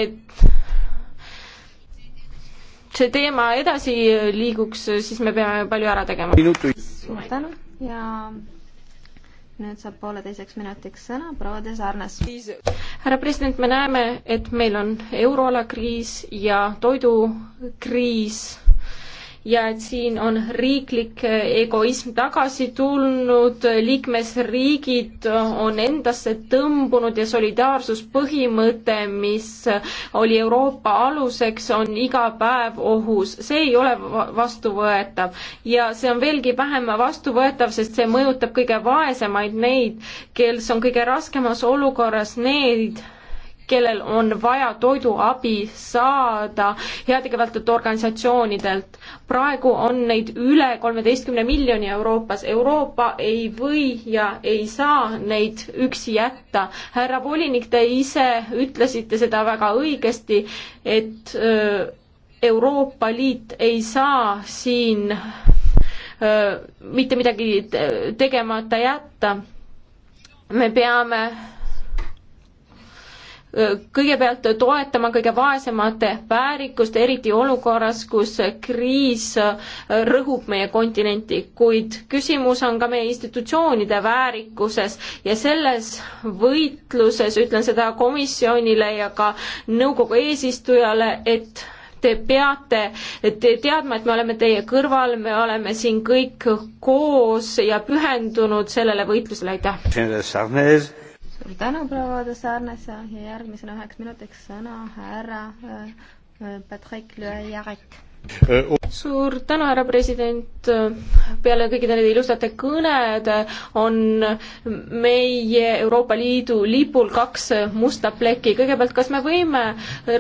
see teema edasi liiguks, siis me peame palju ära tegema. suur tänu ja nüüd saab pooleteiseks minutiks sõna proua Desarnes. härra president, me näeme, et meil on euroala kriis ja toidukriis ja et siin on riiklik eh, egoism tagasi tulnud, liikmesriigid eh, on endasse tõmbunud ja solidaarsuspõhimõte, mis eh, oli Euroopa aluseks, on iga päev ohus. see ei ole vastuvõetav ja see on veelgi vähem vastuvõetav, sest see mõjutab kõige vaesemaid, neid, kes on kõige raskemas olukorras, need, kellel on vaja toiduabi saada heategevatelt organisatsioonidelt. praegu on neid üle kolmeteistkümne miljoni Euroopas. Euroopa ei või ja ei saa neid üksi jätta. härra volinik, te ise ütlesite seda väga õigesti, et öö, Euroopa Liit ei saa siin öö, mitte midagi tegemata jätta. me peame kõigepealt toetama kõige vaesemate väärikust, eriti olukorras, kus kriis rõhub meie kontinenti, kuid küsimus on ka meie institutsioonide väärikuses ja selles võitluses ütlen seda komisjonile ja ka nõukogu eesistujale, et te peate te teadma, et me oleme teie kõrval, me oleme siin kõik koos ja pühendunud sellele võitlusele, aitäh! suur tänu, proua de Sarnes ja järgmisena üheks minutiks sõna härra äh, äh, Patrick Le Jarek suur tänu, härra president. peale kõikide nende ilusate kõnede on meie Euroopa Liidu lipul kaks musta pleki. kõigepealt, kas me võime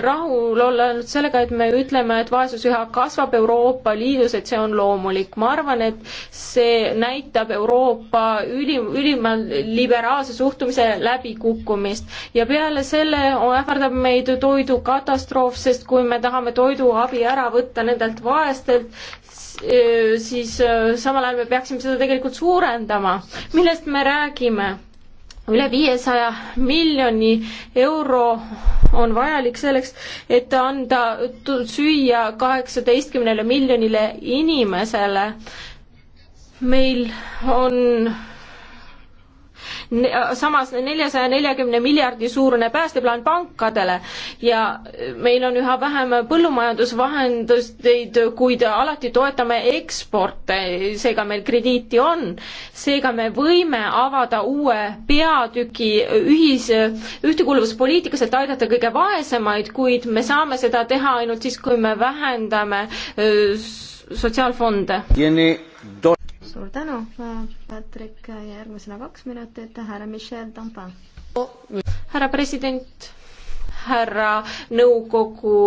rahul olla nüüd sellega, et me ütleme, et vaesus üha kasvab Euroopa Liidus, et see on loomulik? ma arvan, et see näitab Euroopa ülim, ülima liberaalse suhtumise läbikukkumist ja peale selle ähvardab meid toidukatastroof, sest kui me tahame toiduabi ära võtta, nendelt vaestelt, eh, siis eh, samal ajal me peaksime seda tegelikult suurendama. millest me räägime? üle viiesaja miljoni euro on vajalik selleks, et anda süüa kaheksateistkümnele miljonile inimesele. meil on Äh, samas neljasaja neljakümne miljardi suurune päästeplaan pankadele ja meil on üha vähem põllumajandusvahendusteid, kuid alati toetame eksporte, seega meil krediiti on. seega me võime avada uue peatüki ühise, ühtekuuluvuspoliitikas, et aidata kõige vaesemaid, kuid me saame seda teha ainult siis, kui me vähendame äh, sotsiaalfonde suur tänu, Patrick, järgmisena kaks minutit, härra Michel Tampa. härra president, härra nõukogu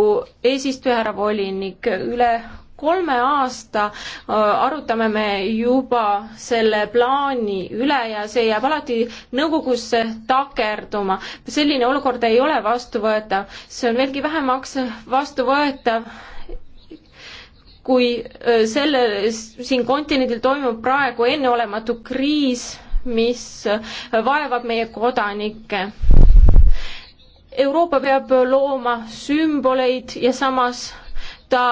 eesistuja, härra volinik, üle kolme aasta äh, arutame me juba selle plaani üle ja see jääb alati nõukogusse takerduma. selline olukord ei ole vastuvõetav, see on veelgi vähem vastuvõetav kui selle, siin kontinendil toimub praegu enneolematu kriis, mis vaevab meie kodanikke. Euroopa peab looma sümboleid ja samas ta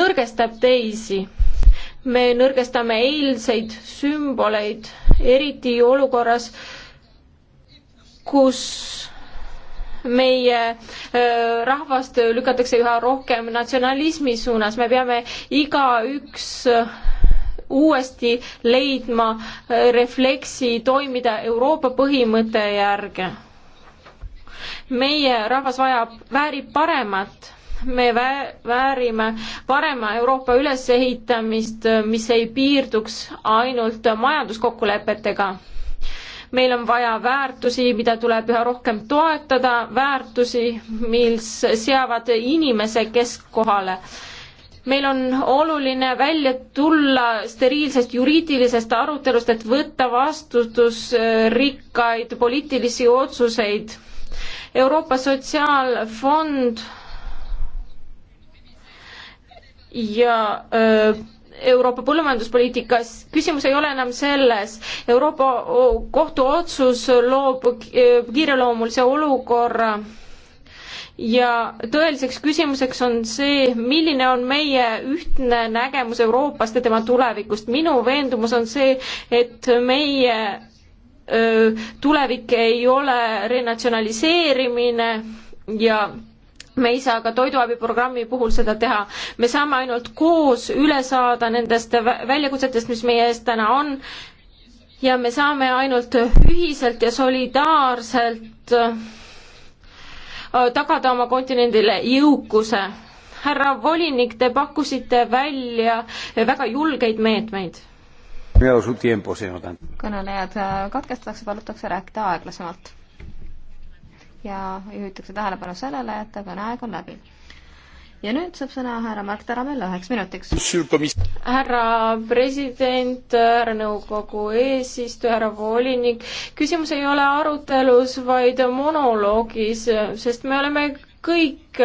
nõrgestab teisi. me nõrgestame eilseid sümboleid, eriti olukorras, kus meie rahvast lükatakse üha rohkem natsionalismi suunas, me peame igaüks uuesti leidma refleksi toimida Euroopa põhimõtte järgi. meie rahvas vajab, väärib paremat me vä-, väärime parema Euroopa ülesehitamist, mis ei piirduks ainult majanduskokkulepetega meil on vaja väärtusi, mida tuleb üha rohkem toetada, väärtusi, mis seavad inimese keskkohale meil on oluline välja tulla steriilsest juriidilisest arutelust, et võtta vastutusrikkaid äh, poliitilisi otsuseid. Euroopa Sotsiaalfond ja öö, äh, Euroopa põllumajanduspoliitikas, küsimus ei ole enam selles, Euroopa Kohtu otsus loob kiireloomulise olukorra ja tõeliseks küsimuseks on see, milline on meie ühtne nägemus Euroopast ja tema tulevikust. minu veendumus on see, et meie öö, tulevik ei ole renatsionaliseerimine ja me ei saa ka toiduabiprogrammi puhul seda teha. me saame ainult koos üle saada nendest väljakutsetest, mis meie ees täna on ja me saame ainult ühiselt ja solidaarselt äh, tagada oma kontinendile jõukuse. härra volinik, te pakkusite välja väga julgeid meetmeid. kõnelejad äh, katkestatakse, palutakse rääkida aeglasemalt ja juhitakse tähelepanu sellele, et kõneaeg on läbi. ja nüüd saab sõna härra Mark Taramella üheks minutiks. härra president, härra nõukogu eesistuja, härra volinik, küsimus ei ole arutelus, vaid monoloogis, sest me oleme kõik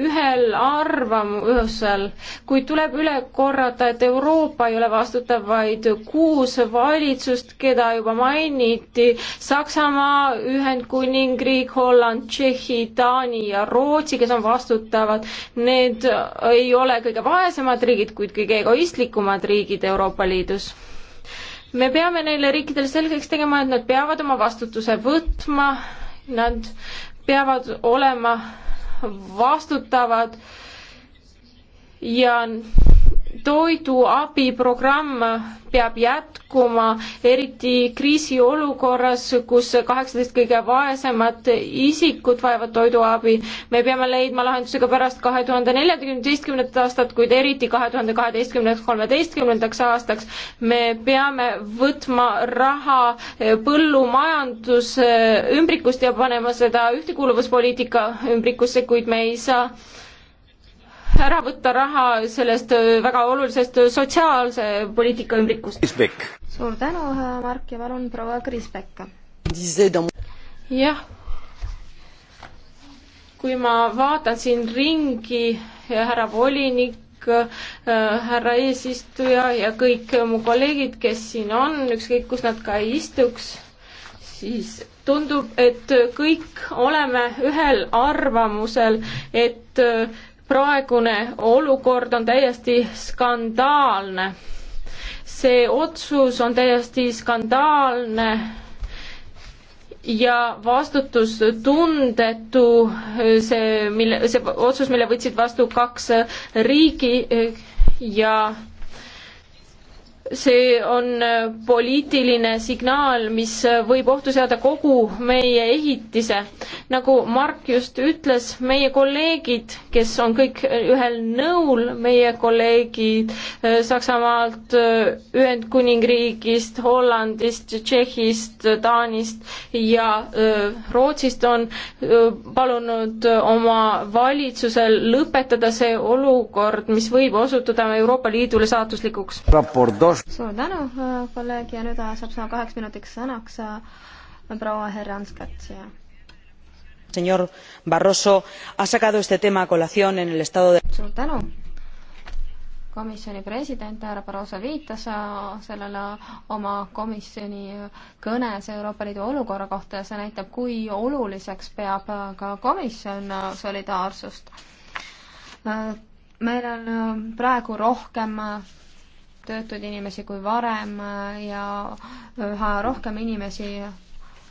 ühel arvamusel, kuid tuleb üle korrata, et Euroopa ei ole vastutav, vaid kuus valitsust, keda juba mainiti, Saksamaa, Ühendkuningriik, Holland, Tšehhi, Taani ja Rootsi, kes on vastutavad, need ei ole kõige vaesemad riigid, kuid kõige egoistlikumad riigid Euroopa Liidus me peame neile riikidele selgeks tegema, et nad peavad oma vastutuse võtma, nad peavad olema vastutavad ja toiduabiprogramm peab jätkuma, eriti kriisiolukorras, kus kaheksateist kõige vaesemat isikut vajavad toiduabi. me peame leidma lahenduse ka pärast kahe tuhande neljateistkümnendat aastat, kuid eriti kahe tuhande kaheteistkümnendaks, kolmeteistkümnendaks aastaks me peame võtma raha põllumajanduse ümbrikust ja panema seda ühtekuuluvuspoliitika ümbrikusse, kuid me ei saa ära võtta raha sellest äh, väga olulisest äh, sotsiaalse poliitika ümbrikust. suur tänu, Mark ja palun proua Kris Pekka. jah, kui ma vaatan siin ringi, härra volinik, äh, härra eesistuja ja kõik mu kolleegid, kes siin on, ükskõik kus nad ka ei istuks, siis tundub, et kõik oleme ühel arvamusel, et praegune olukord on täiesti skandaalne. see otsus on täiesti skandaalne ja vastutustundetu see, mille, see otsus, mille võtsid vastu kaks riigi eh, ja see on äh, poliitiline signaal, mis äh, võib ohtu seada kogu meie ehitise. nagu Mark just ütles, meie kolleegid, kes on kõik äh, ühel nõul, meie kolleegid Saksamaalt, Ühendkuningriigist, Hollandist, Tšehhist, Taanist ja Rootsist on palunud oma valitsusel lõpetada see olukord, mis võib osutuda Euroopa Liidule saatuslikuks. raport suur tänu, äh, kolleeg, ja nüüd äh, saab sõna kaheks minutiks sõnaks äh, proua Herranskats ja señor barroso ha sacado este tema a colación en el estado de suur tänu komisjoni president härra Barroso viitas sellele oma komisjoni kõnes Euroopa Liidu olukorra kohta ja see näitab, kui oluliseks peab ka komisjon solidaarsust. meil on praegu rohkem töötuid inimesi kui varem äh, ja äh, üha rohkem inimesi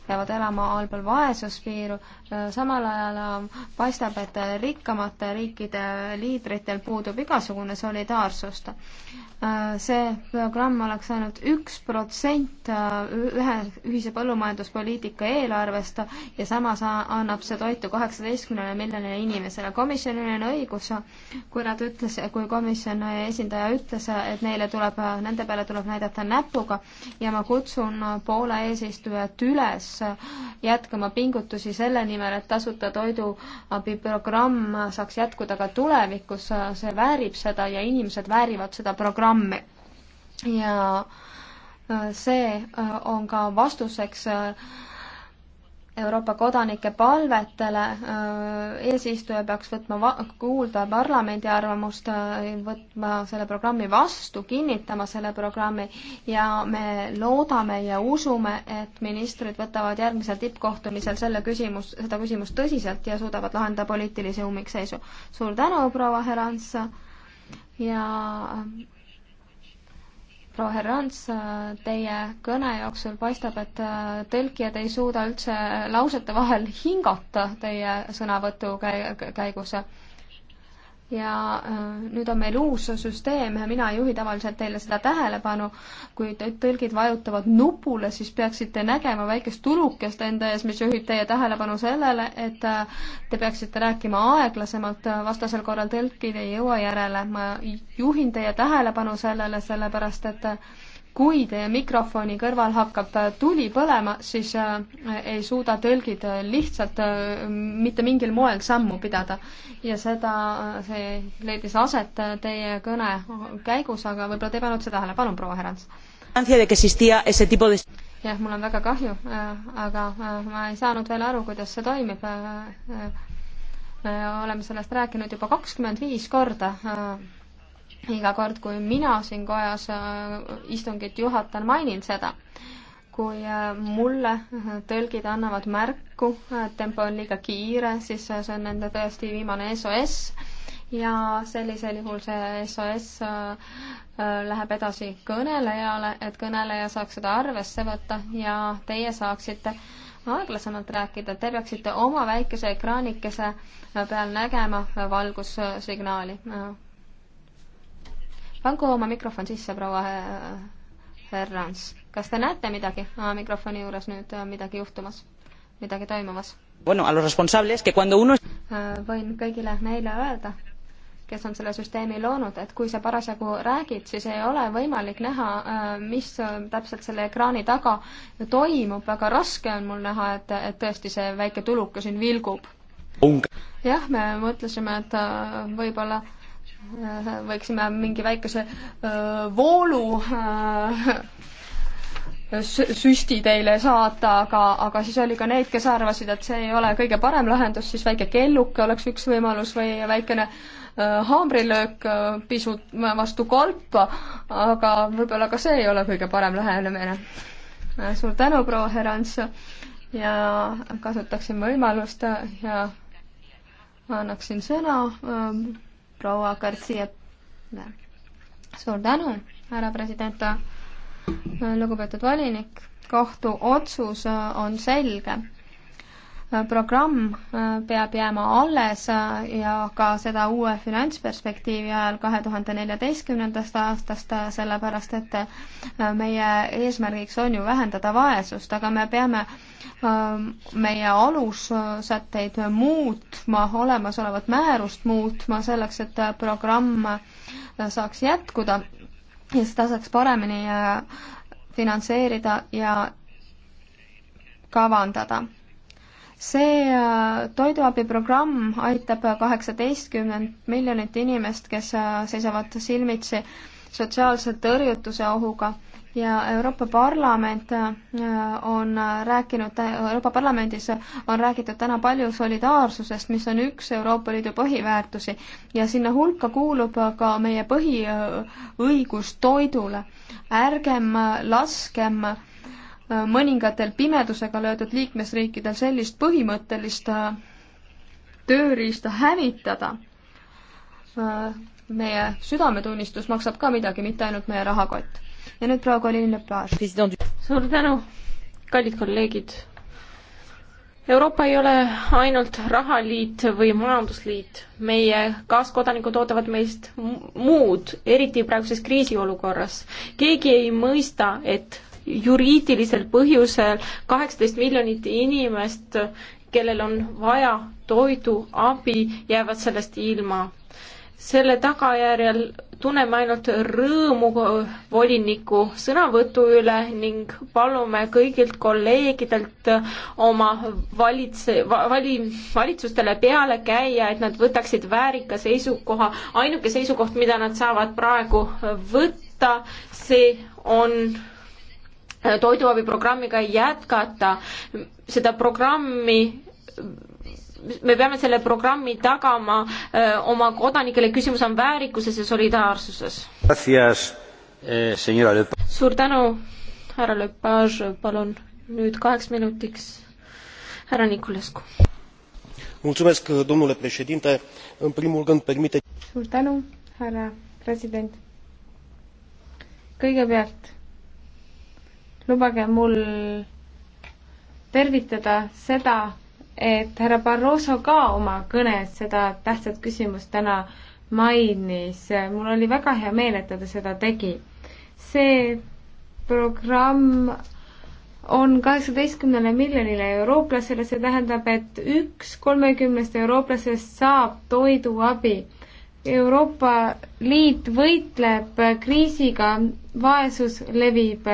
peavad elama allpool vaesuspiiru, äh, samal ajal paistab, et rikkamate riikide liidritel puudub igasugune solidaarsust. Äh, see programm oleks ainult üks protsent äh, ühe ühise põllumajanduspoliitika eelarvest ja samas annab see toitu kaheksateistkümnele miljonile inimesele. komisjonil on õigus, kui nad ütles, kui komisjoni esindaja ütles, et neile tuleb, nende peale tuleb näidata näpuga ja ma kutsun Poola eesistujat üles jätkama pingutusi selle nimel, et tasuta toiduabiprogramm saaks jätkuda ka tulevikus, see väärib seda ja inimesed väärivad seda programmi samme. ja äh, see äh, on ka vastuseks äh, Euroopa kodanike palvetele eesistuja peaks võtma va-, kuulda parlamendi arvamust, võtma selle programmi vastu, kinnitama selle programmi ja me loodame ja usume, et ministrid võtavad järgmisel tippkohtumisel selle küsimus, seda küsimust tõsiselt ja suudavad lahendada poliitilisi ummikseisu. suur tänu, proua Herans ja proua Herrans, teie kõne jooksul paistab, et äh, tõlkijad ei suuda üldse lausete vahel hingata teie sõnavõtu käigus ja äh, nüüd on meil uus süsteem ja mina ei juhi tavaliselt teile seda tähelepanu, kui tõlgid vajutavad nupule, siis peaksite nägema väikest tulukest enda ees, mis juhib teie tähelepanu sellele, et äh, te peaksite rääkima aeglasemalt, vastasel korral tõlkid ei jõua järele. ma juhin teie tähelepanu sellele, sellepärast et äh, kui teie mikrofoni kõrval hakkab tuli põlema, siis äh, ei suuda tõlgid äh, lihtsalt äh, mitte mingil moel sammu pidada. ja seda, see leidis aset teie kõne käigus, aga võib-olla te ei pannud seda tähele, palun, proua Herans. jah, mul on väga kahju, aga ma ei saanud veel aru, kuidas see toimib. me oleme sellest rääkinud juba kakskümmend viis korda iga kord, kui mina siin kojas äh, istungit juhatan, mainin seda. kui äh, mulle äh, tõlgid annavad märku, et tempo on liiga kiire, siis see on nende tõesti viimane SOS ja sellisel juhul see SOS läheb edasi kõnelejale, et kõneleja saaks seda arvesse võtta ja teie saaksite aeglasemalt rääkida, te peaksite oma väikese ekraanikese peal nägema valgussignaali pangu oma mikrofon sisse, proua Herrans. Äh, äh, kas te näete midagi mikrofoni juures nüüd äh, midagi juhtumas, midagi toimumas? Bueno, a los responsables que cuando uno võin kõigile neile öelda, kes on selle süsteemi loonud, et kui sa parasjagu räägid, siis ei ole võimalik näha, mis täpselt selle ekraani taga toimub, väga raske on mul näha, et, et tõesti see väike tuluke siin vilgub. jah, me mõtlesime, et võib-olla äh, Äh, võiksime mingi väikese äh, voolu äh, süsti teile saata, aga, aga siis oli ka neid, kes arvasid, et see ei ole kõige parem lahendus, siis väike kelluke oleks üks võimalus või väikene haamrilöök pisut vastu kolpa, aga võib-olla ka see ei ole kõige parem lähenemine. suur tänu, proua Herants ja kasutaksin võimalust ja annaksin sõna proua Garcia. suur tänu, härra president, lugupeetud volinik, kohtuotsus on selge programm äh, peab jääma alles äh, ja ka seda uue finantsperspektiivi ajal kahe tuhande neljateistkümnendast aastast, äh, sellepärast et meie eesmärgiks on ju vähendada vaesust, aga me peame meie alussätteid muutma, olemasolevat määrust muutma selleks, et programm saaks jätkuda ja seda saaks paremini finantseerida ja kavandada see äh, toiduabiprogramm aitab kaheksateistkümnendat miljonit inimest, kes äh, seisavad silmitsi sotsiaalse tõrjutuse ohuga ja Euroopa Parlament äh, on rääkinud, Euroopa Parlamendis on räägitud täna palju solidaarsusest, mis on üks Euroopa Liidu põhiväärtusi ja sinna hulka kuulub ka meie põhiõigus toidule. ärgem laskem äh, mõningatel pimedusega löödud liikmesriikidel sellist põhimõttelist äh, tööriista hävitada. Äh, meie südametunnistus maksab ka midagi, mitte ainult meie rahakott. ja nüüd proua Colin Lepage. suur tänu, kallid kolleegid. Euroopa ei ole ainult rahaliit või majandusliit, meie kaaskodanikud ootavad meist muud, eriti praeguses kriisiolukorras. keegi ei mõista, et juriidilisel põhjusel kaheksateist miljonit inimest, kellel on vaja toiduabi, jäävad sellest ilma. selle tagajärjel tunneme ainult rõõmu voliniku sõnavõtu üle ning palume kõigilt kolleegidelt oma valitse, vali, valitsustele peale käia, et nad võtaksid väärika seisukoha. ainuke seisukoht, mida nad saavad praegu võtta, see on toiduabiprogrammiga jätkata. seda programmi me peame selle programmi tagama öö, oma kodanikele, küsimus on väärikuses ja solidaarsuses. Eh, suur tänu, härra Lepage, palun nüüd kaheks minutiks härra Niculescu. mulțumesc, domnule președinte, în primul rând permite. suur tänu, härra president. kõigepealt lubage mul tervitada seda, et härra Barroso ka oma kõnes seda tähtsat küsimust täna mainis. mul oli väga hea meel, et ta seda tegi. see programm on kaheksateistkümnele miljonile eurooplasele, see tähendab, et üks kolmekümnest eurooplasest saab toiduabi. Euroopa Liit võitleb kriisiga, vaesus levib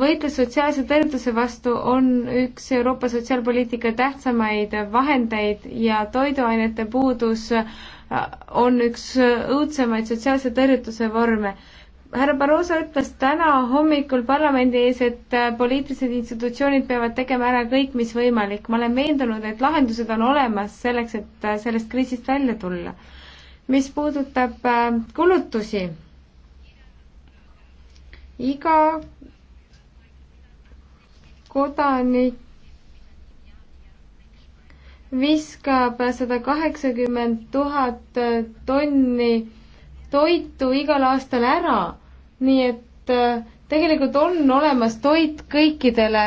võitlus sotsiaalse tõrjutuse vastu on üks Euroopa sotsiaalpoliitika tähtsamaid vahendeid ja toiduainete puudus äh, on üks õudsemaid sotsiaalse tõrjutuse vorme. härra Barroso ütles täna hommikul parlamendi ees, et äh, poliitilised institutsioonid peavad tegema ära kõik, mis võimalik. ma olen veendunud, et lahendused on olemas selleks, et äh, sellest kriisist välja tulla. mis puudutab kulutusi, iga kodanik viskab sada kaheksakümmend tuhat tonni toitu igal aastal ära, nii et äh, tegelikult on olemas toit kõikidele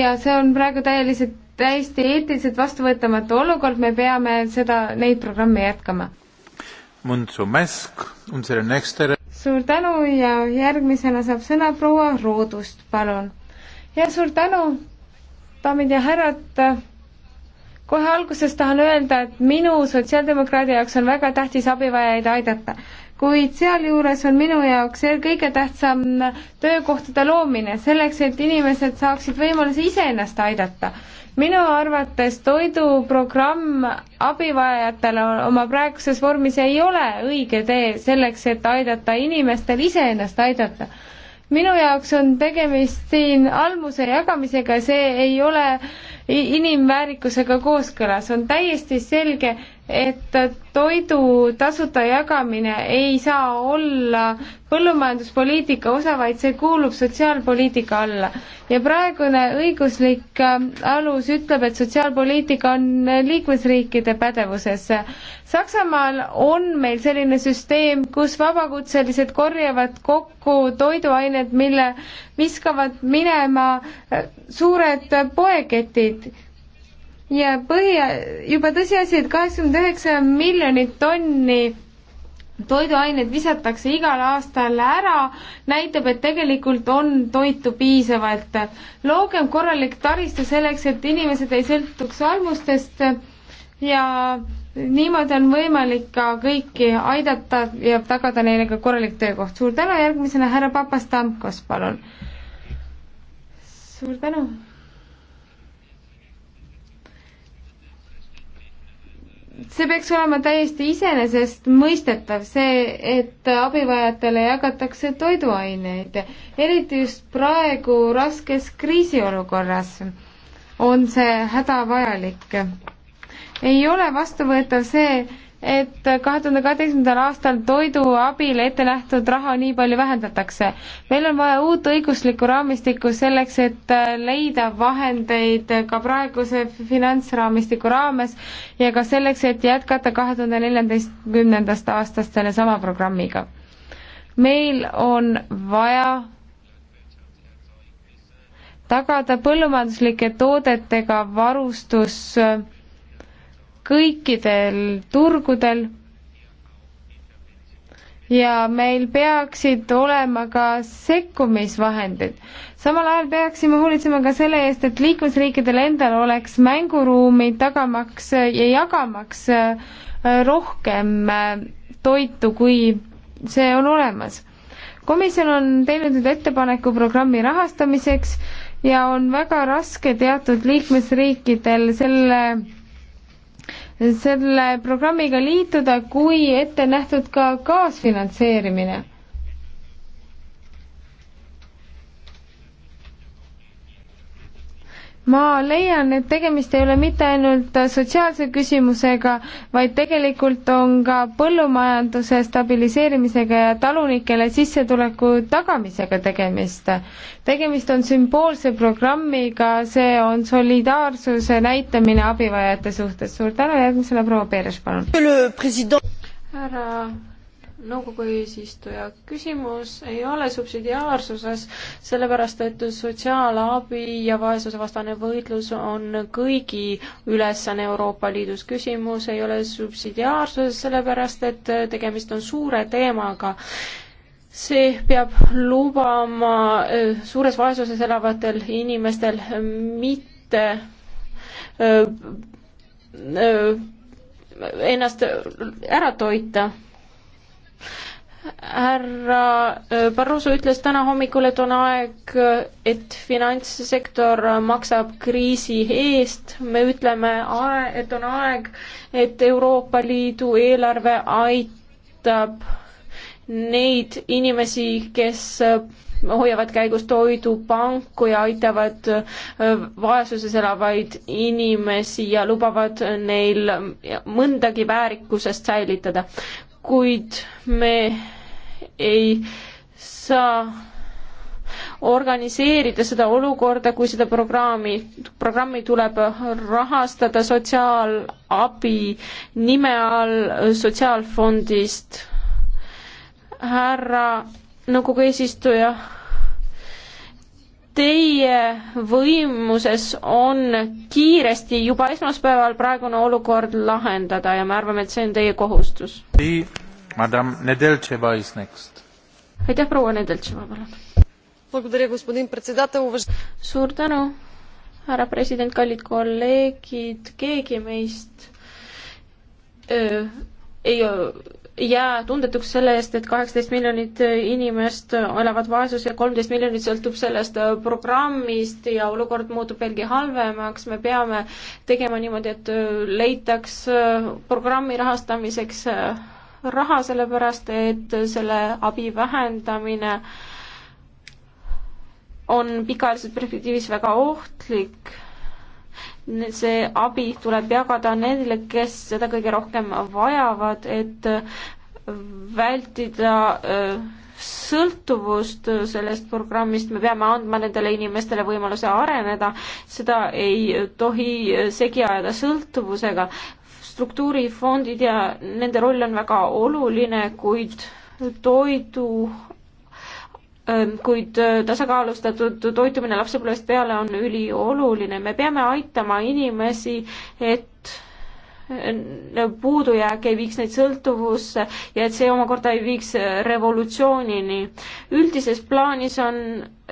ja see on praegu täieliselt, täiesti eetiliselt vastuvõetamatu olukord, me peame seda, neid programme jätkama. suur tänu ja järgmisena saab sõna proua Roodust, palun ja suur tänu, daamid ja härrad kohe alguses tahan öelda, et minu sotsiaaldemokraadi jaoks on väga tähtis abivajajaid aidata, kuid sealjuures on minu jaoks kõige tähtsam töökohtade loomine, selleks et inimesed saaksid võimaluse ise ennast aidata. minu arvates toiduprogramm abivajajatele oma praeguses vormis ei ole õige tee selleks, et aidata inimestel iseennast aidata minu jaoks on tegemist siin almuse jagamisega, see ei ole inimväärikusega kooskõlas, on täiesti selge, et toidu tasuta jagamine ei saa olla põllumajanduspoliitika osa, vaid see kuulub sotsiaalpoliitika alla. ja praegune õiguslik äh, alus ütleb, et sotsiaalpoliitika on liikmesriikide pädevuses. Saksamaal on meil selline süsteem, kus vabakutselised korjavad kokku toiduained, mille viskavad minema äh, suured poeketid ja põhi, juba tõsiasi, et kaheksakümmend üheksa miljonit tonni toiduained visatakse igal aastal ära, näitab, et tegelikult on toitu piisavalt. loogem korralik taristu selleks, et inimesed ei sõltuks almustest ja niimoodi on võimalik ka kõiki aidata ja tagada neile ka korralik töökoht. suur tänu, järgmisena härra Papastamkos, palun. suur tänu see peaks olema täiesti iseenesestmõistetav, see, et abivajajatele jagatakse toiduaineid, eriti just praegu raskes kriisiolukorras on see hädavajalik. ei ole vastuvõetav see, et kahe tuhande kaheteistkümnendal aastal toiduabile ette nähtud raha nii palju vähendatakse. meil on vaja uut õiguslikku raamistikku selleks, et äh, leida vahendeid ka praeguse finantsraamistiku raames ja ka selleks, et jätkata kahe tuhande neljateistkümnendast aastast sellesama programmiga. meil on vaja tagada põllumajanduslike toodetega varustus äh, kõikidel turgudel ja meil peaksid olema ka sekkumisvahendid. samal ajal peaksime hoolitsema ka selle eest, et liikmesriikidel endal oleks mänguruumi tagamaks ja jagamaks äh, rohkem äh, toitu, kui see on olemas. komisjon on teinud nüüd ettepaneku programmi rahastamiseks ja on väga raske teatud liikmesriikidel selle selle programmiga liituda, kui ette nähtud ka kaasfinantseerimine. ma leian, et tegemist ei ole mitte ainult sotsiaalse küsimusega, vaid tegelikult on ka põllumajanduse stabiliseerimisega ja talunikele sissetuleku tagamisega tegemist. tegemist on sümboolse programmiga, see on solidaarsuse näitamine abivajajate suhtes. suur tänu, järgmisele proua Peeres, palun. härra nõukogu eesistuja, küsimus ei ole subsidiaarsuses, sellepärast et sotsiaalabi ja vaesusevastane võitlus on kõigi ülesanne Euroopa Liidus. küsimus ei ole subsidiaarsuses, sellepärast et tegemist on suure teemaga see peab lubama äh, suures vaesuses elavatel inimestel mitte öö, äh, öö, äh, ennast ära toita härra äh, Barroso ütles täna hommikul, et on aeg, et finantssektor maksab kriisi eest. me ütleme, et on aeg, et Euroopa Liidu eelarve aitab neid inimesi, kes äh, hoiavad käigus toidupanku ja aitavad äh, vaesuses elavaid inimesi ja lubavad neil mõndagi väärikusest säilitada kuid me ei saa organiseerida seda olukorda, kui seda programmi, programmi tuleb rahastada sotsiaalabi nime all sotsiaalfondist. härra nõukogu eesistuja teie võimuses on kiiresti juba esmaspäeval praegune olukord lahendada ja me arvame, et see on teie kohustus. aitäh, proua Nedeltševa, palun. suur tänu, härra president, kallid kolleegid, keegi meist öö, ei öö, jää tundetuks selle eest, et kaheksateist miljonit inimest elavad vaesus ja kolmteist miljonit sõltub sellest programmist ja olukord muutub veelgi halvemaks, me peame tegema niimoodi, et leitaks programmi rahastamiseks raha, sellepärast et selle abi vähendamine on pikaajalises perspektiivis väga ohtlik see abi tuleb jagada neile, kes seda kõige rohkem vajavad, et vältida äh, sõltuvust sellest programmist, me peame andma nendele inimestele võimaluse areneda, seda ei tohi segi ajada sõltuvusega. struktuurifondid ja nende roll on väga oluline, kuid toidu kuid tasakaalustatud toitumine lapsepõlvest peale on ülioluline. me peame aitama inimesi, et puudujääk ei viiks neid sõltuvusse ja et see omakorda ei viiks revolutsioonini. üldises plaanis on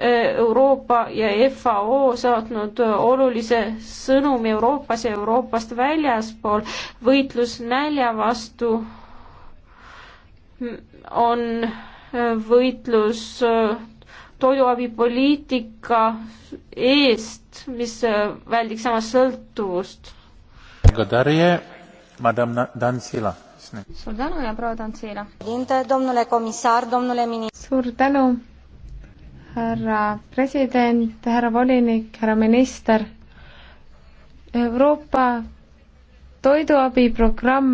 Euroopa ja FAO saatnud olulise sõnumi Euroopas ja Euroopast väljaspool. võitlus nälja vastu on võitlus toiduabipoliitika eest, mis väldiks samas sõltuvust. suur tänu ja proua Dantsila. suur tänu, härra president, härra volinik, härra minister. Euroopa toiduabiprogramm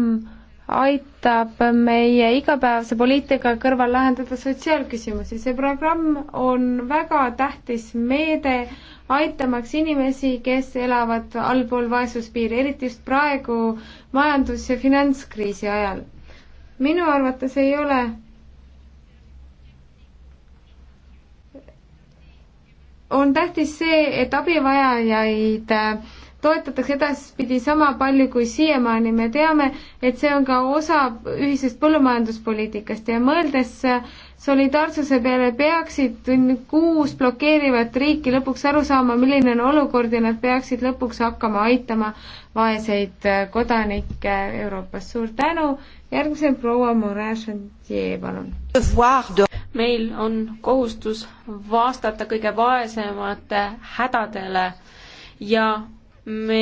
aitab meie igapäevase poliitika kõrval lahendada sotsiaalküsimusi. see programm on väga tähtis meede, aitamaks inimesi, kes elavad allpool vaesuspiiri, eriti just praegu majandus- ja finantskriisi ajal. minu arvates ei ole on tähtis see, et abivajajaid äh, toetatakse edaspidi sama palju kui siiamaani, me teame, et see on ka osa ühisest põllumajanduspoliitikast ja mõeldes solidaarsuse peale peaksid kuus blokeerivat riiki lõpuks aru saama, milline on olukord ja nad peaksid lõpuks hakkama aitama vaeseid kodanikke Euroopas. suur tänu, järgmisel proua Murashantje, palun. meil on kohustus vastata kõige vaesemate hädadele ja me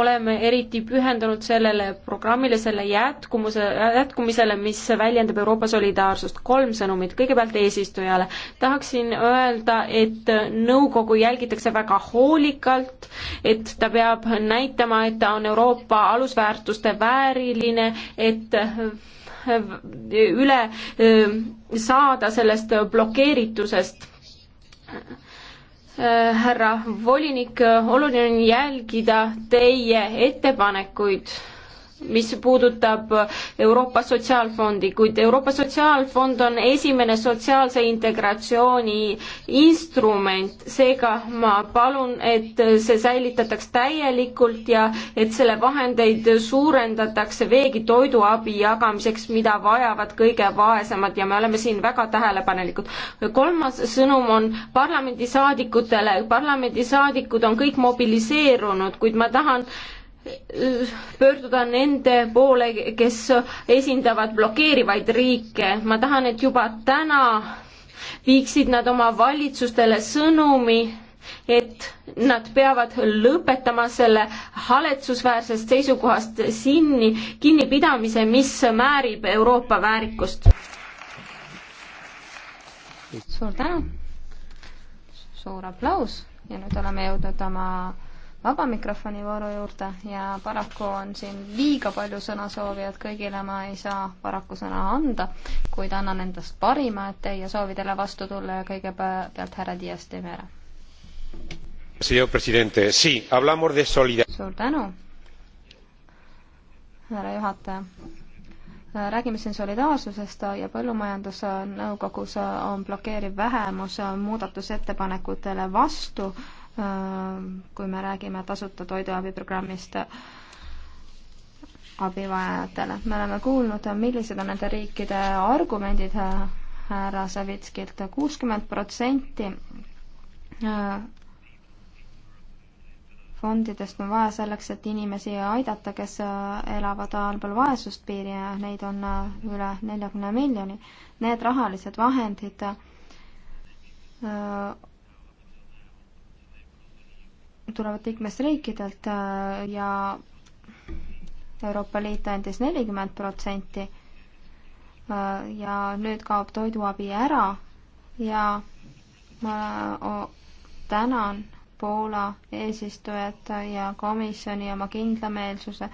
oleme eriti pühendunud sellele programmile, selle jätkumuse, jätkumisele, mis väljendab Euroopa solidaarsust. kolm sõnumit, kõigepealt eesistujale. tahaksin öelda, et nõukogu jälgitakse väga hoolikalt, et ta peab näitama, et ta on Euroopa alusväärtuste vääriline, et üle äh, saada sellest blokeeritusest Äh, härra volinik, äh, oluline on jälgida teie ettepanekuid mis puudutab Euroopa Sotsiaalfondi, kuid Euroopa Sotsiaalfond on esimene sotsiaalse integratsiooni instrument, seega ma palun, et see säilitataks täielikult ja et selle vahendeid suurendatakse veegi toiduabi jagamiseks, mida vajavad kõige vaesemad ja me oleme siin väga tähelepanelikud. kolmas sõnum on parlamendisaadikutele, parlamendisaadikud on kõik mobiliseerunud, kuid ma tahan pöörduda nende poole, kes esindavad blokeerivaid riike. ma tahan, et juba täna viiksid nad oma valitsustele sõnumi, et nad peavad lõpetama selle haletsusväärsest seisukohast sinni kinnipidamise, mis määrib Euroopa väärikust. suur tänu, suur aplaus ja nüüd oleme jõudnud oma vaba mikrofoni vooru juurde ja paraku on siin liiga palju sõnasoovijad, kõigile ma ei saa paraku sõna anda, kuid annan endast parima, et teie soovidele vastu tulla ja kõigepealt härra Dias de Mera. suur tänu, härra juhataja räägime siin solidaarsusest ja Põllumajandusnõukogus on blokeeriv vähemus muudatusettepanekutele vastu Äh, kui me räägime tasuta toiduabiprogrammist äh, abivajajatele. me oleme kuulnud, millised on nende riikide argumendid äh, härra Savitskilt. kuuskümmend protsenti fondidest on vaja selleks, et inimesi aidata, kes elavad allpool vaesuspiiri ja neid on üle neljakümne miljoni. Need rahalised vahendid tulevad liikmesriikidelt äh, ja Euroopa Liit andis nelikümmend protsenti äh, ja nüüd kaob toiduabi ära ja ma tänan Poola eesistujat ja komisjoni oma kindlameelsuse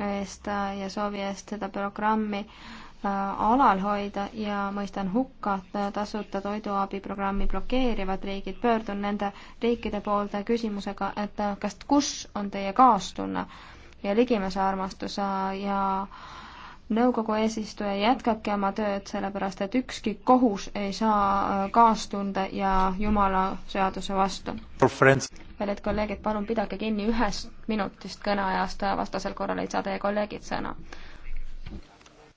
eest äh, ja soovi eest seda programmi äh, Äh, alal hoida ja mõistan hukka tasuta toiduabiprogrammi blokeerivad riigid. pöördun nende riikide poolde küsimusega, et äh, kas, kus on teie kaastunne ja ligimese armastus äh, ja nõukogu eesistuja jätkabki oma tööd, sellepärast et ükski kohus ei saa kaastunde ja jumala seaduse vastu. kallid kolleegid, palun pidage kinni ühest minutist kõneajast, vastasel korral ei saa teie kolleegid sõna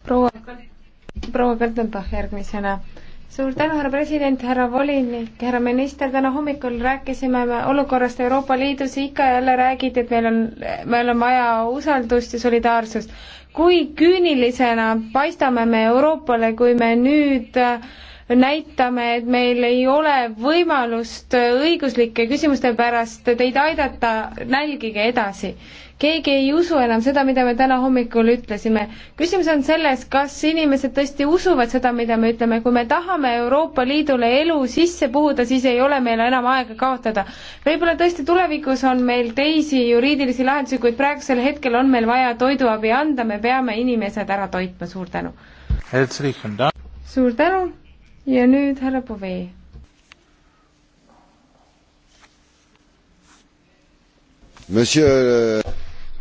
proua, proua Kaldenbach järgmisena. suur tänu, härra president, härra volinik, härra minister, täna hommikul rääkisime me olukorrast Euroopa Liidus, ikka ja jälle räägiti, et meil on, meil on vaja usaldust ja solidaarsust. kui küünilisena paistame me Euroopale, kui me nüüd äh, näitame, et meil ei ole võimalust õiguslike küsimuste pärast teid aidata, nälgige edasi. keegi ei usu enam seda, mida me täna hommikul ütlesime. küsimus on selles, kas inimesed tõesti usuvad seda, mida me ütleme, kui me tahame Euroopa Liidule elu sisse puhuda, siis ei ole meil enam aega kaotada. võib-olla tõesti tulevikus on meil teisi juriidilisi lahendusi, kuid praegusel hetkel on meil vaja toiduabi anda, me peame inimesed ära toitma, suur tänu! suur tänu! ja nüüd härra Bovee.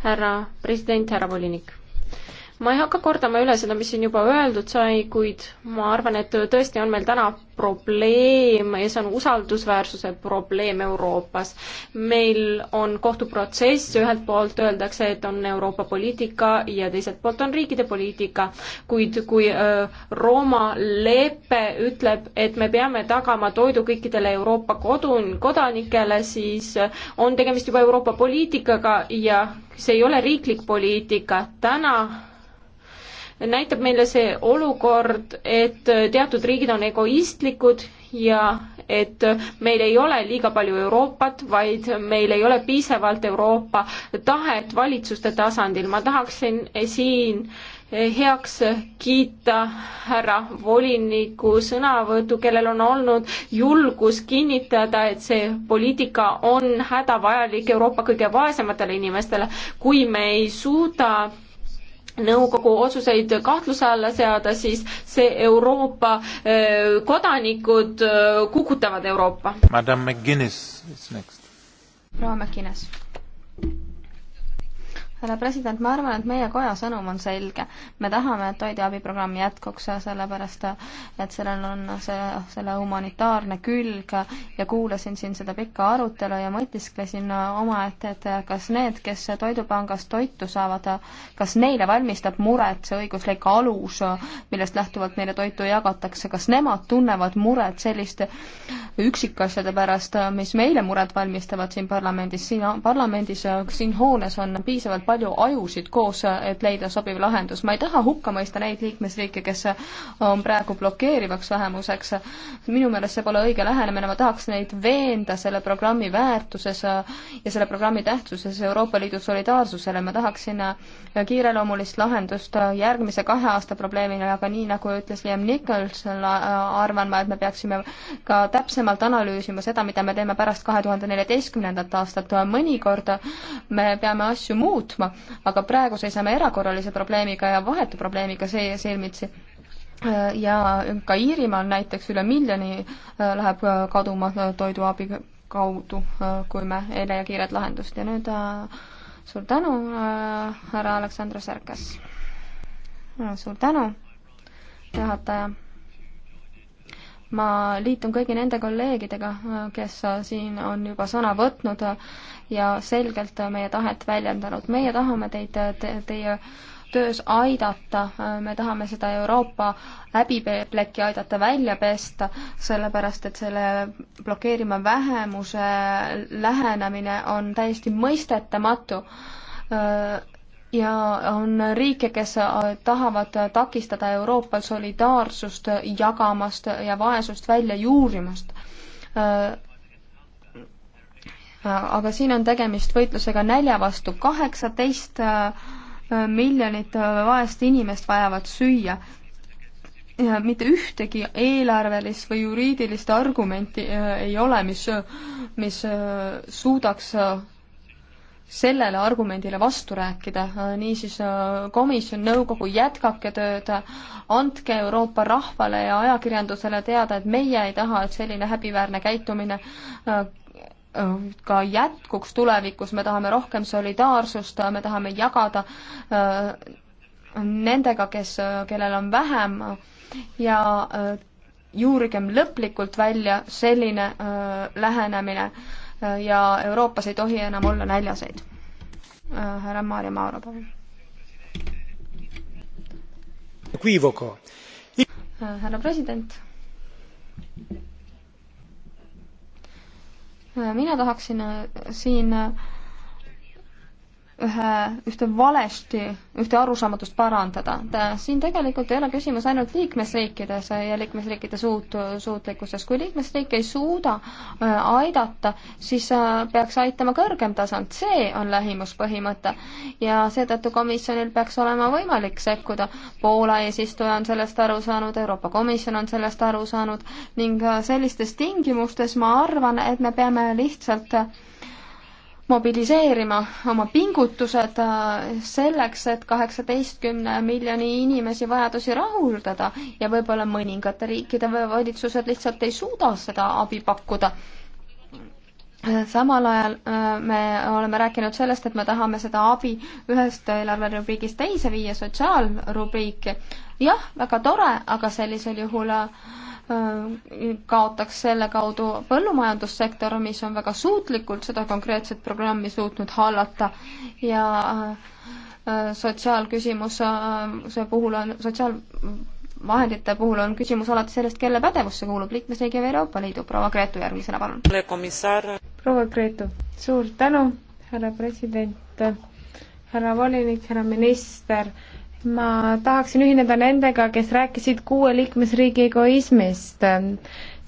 härra president, härra volinik ma ei hakka kordama üle seda, mis siin juba öeldud sai, kuid ma arvan, et tõesti on meil täna probleem ja see on usaldusväärsuse probleem Euroopas. meil on kohtuprotsess, ühelt poolt öeldakse, et on Euroopa poliitika ja teiselt poolt on riikide poliitika, kuid kui äh, Rooma lepe ütleb, et me peame tagama toidu kõikidele Euroopa kodun-, kodanikele, siis äh, on tegemist juba Euroopa poliitikaga ja see ei ole riiklik poliitika. täna näitab meile see olukord, et teatud riigid on egoistlikud ja et meil ei ole liiga palju Euroopat, vaid meil ei ole piisavalt Euroopa tahet valitsuste tasandil. ma tahaksin siin heaks kiita härra voliniku sõnavõtu, kellel on olnud julgus kinnitada, et see poliitika on hädavajalik Euroopa kõige vaesematele inimestele. kui me ei suuda nõukogu otsuseid kahtluse alla seada, siis see Euroopa eh, kodanikud eh, kukutavad Euroopa. proua McInnes härra president, ma arvan, et meie koja sõnum on selge. me tahame, et toiduabiprogramm jätkuks, sellepärast et sellel on see, selle humanitaarne külg ja kuulasin siin seda pikka arutelu ja mõtisklesin omaette, et kas need, kes Toidupangast toitu saavad, kas neile valmistab muret see õiguslik alus, millest lähtuvalt neile toitu jagatakse, kas nemad tunnevad muret selliste üksikasjade pärast, mis meile muret valmistavad siin parlamendis, siin parlamendis, siin hoones on piisavalt palju ajusid koos, et leida sobiv lahendus. ma ei taha hukka mõista neid liikmesriike, kes on praegu blokeerivaks vähemuseks. minu meelest see pole õige lähenemine, ma tahaks neid veenda selle programmi väärtuses ja selle programmi tähtsuses Euroopa Liidu solidaarsusele. ma tahaksin kiireloomulist lahendust järgmise kahe aasta probleemile, aga nii nagu ütles Liam Nicholson, arvan ma, et me peaksime ka täpsemalt analüüsima seda, mida me teeme pärast kahe tuhande neljateistkümnendat aastat. mõnikord me peame asju muutma muutma, aga praegu seisame erakorralise probleemiga ja vahetu probleemiga see silmitsi äh, ja ka Iirimaal näiteks üle miljoni äh, läheb äh, kaduma toiduabi kaudu, kui me ei leia kiiret lahendust ja nüüd suur tänu, härra Aleksandr Serkas. suur tänu, juhataja ma liitun kõigi nende kolleegidega, kes siin on juba sõna võtnud ja selgelt meie tahet väljendanud. meie tahame teid te,, teie töös aidata, me tahame seda Euroopa häbipleki aidata välja pesta, sellepärast et selle blokeerima vähemuse lähenemine on täiesti mõistetamatu ja on riike, kes äh, tahavad takistada Euroopal solidaarsust jagamast ja vaesust välja juurimast. Äh, äh, aga siin on tegemist võitlusega nälja vastu, kaheksateist miljonit vaest inimest vajavad süüa. mitte ühtegi eelarvelist või juriidilist argumenti ei ole, mis, mis suudaks sellele argumendile vastu rääkida, niisiis äh, komisjon, nõukogu, jätkake tööd, andke Euroopa rahvale ja ajakirjandusele teada, et meie ei taha, et selline häbiväärne käitumine äh, äh, ka jätkuks tulevikus, me tahame rohkem solidaarsust, me tahame jagada nendega, kes, kellel on vähem ja juurigem lõplikult välja selline lähenemine ja Euroopas ei tohi enam olla näljaseid. härra Maarja Maaro, palun. härra president. mina tahaksin siin ühe, ühte valesti, ühte arusaamatust parandada. siin tegelikult ei ole küsimus ainult liikmesriikides ja liikmesriikide suut-, suutlikkuses. kui liikmesriik ei suuda äh, aidata, siis äh, peaks aitama kõrgem tasand, see on lähimuspõhimõte. ja seetõttu komisjonil peaks olema võimalik sekkuda. Poola eesistuja on sellest aru saanud, Euroopa Komisjon on sellest aru saanud ning äh, sellistes tingimustes ma arvan, et me peame lihtsalt mobiliseerima oma pingutused äh, selleks, et kaheksateistkümne miljoni inimesi vajadusi rahuldada ja võib-olla mõningate riikide valitsused lihtsalt ei suuda seda abi pakkuda samal ajal äh, me oleme rääkinud sellest, et me tahame seda abi ühest eelarverubriigist teise viia, sotsiaalrubriiki. jah, väga tore, aga sellisel juhul äh, kaotaks selle kaudu põllumajandussektor, mis on väga suutlikult seda konkreetset programmi suutnud hallata ja äh, sotsiaalküsimuse puhul on, sotsiaal vahendite puhul on küsimus alati sellest, kelle pädevusse kuulub liikmesriigi või Euroopa Liidu. proua Gretu järgmisena, palun. proua Gretu, suur tänu, härra president, härra volinik, härra minister. ma tahaksin ühineda nendega, kes rääkisid kuue liikmesriigi egoismist,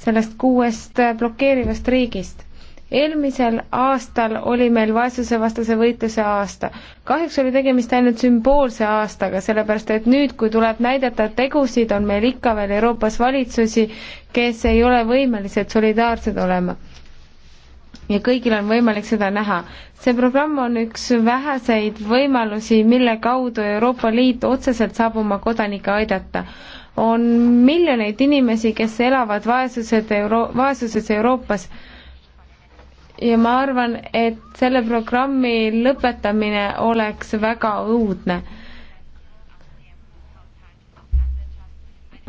sellest kuuest blokeerivast riigist eelmisel aastal oli meil vaesusevastase võitluse aasta. kahjuks oli tegemist ainult sümboolse aastaga, sellepärast et nüüd, kui tuleb näidata tegusid, on meil ikka veel Euroopas valitsusi, kes ei ole võimelised solidaarsed olema. ja kõigil on võimalik seda näha. see programm on üks väheseid võimalusi, mille kaudu Euroopa Liit otseselt saab oma kodanikke aidata on miljoneid inimesi, kes elavad vaesused Euro-, vaesuses Euroopas ja ma arvan, et selle programmi lõpetamine oleks väga õudne.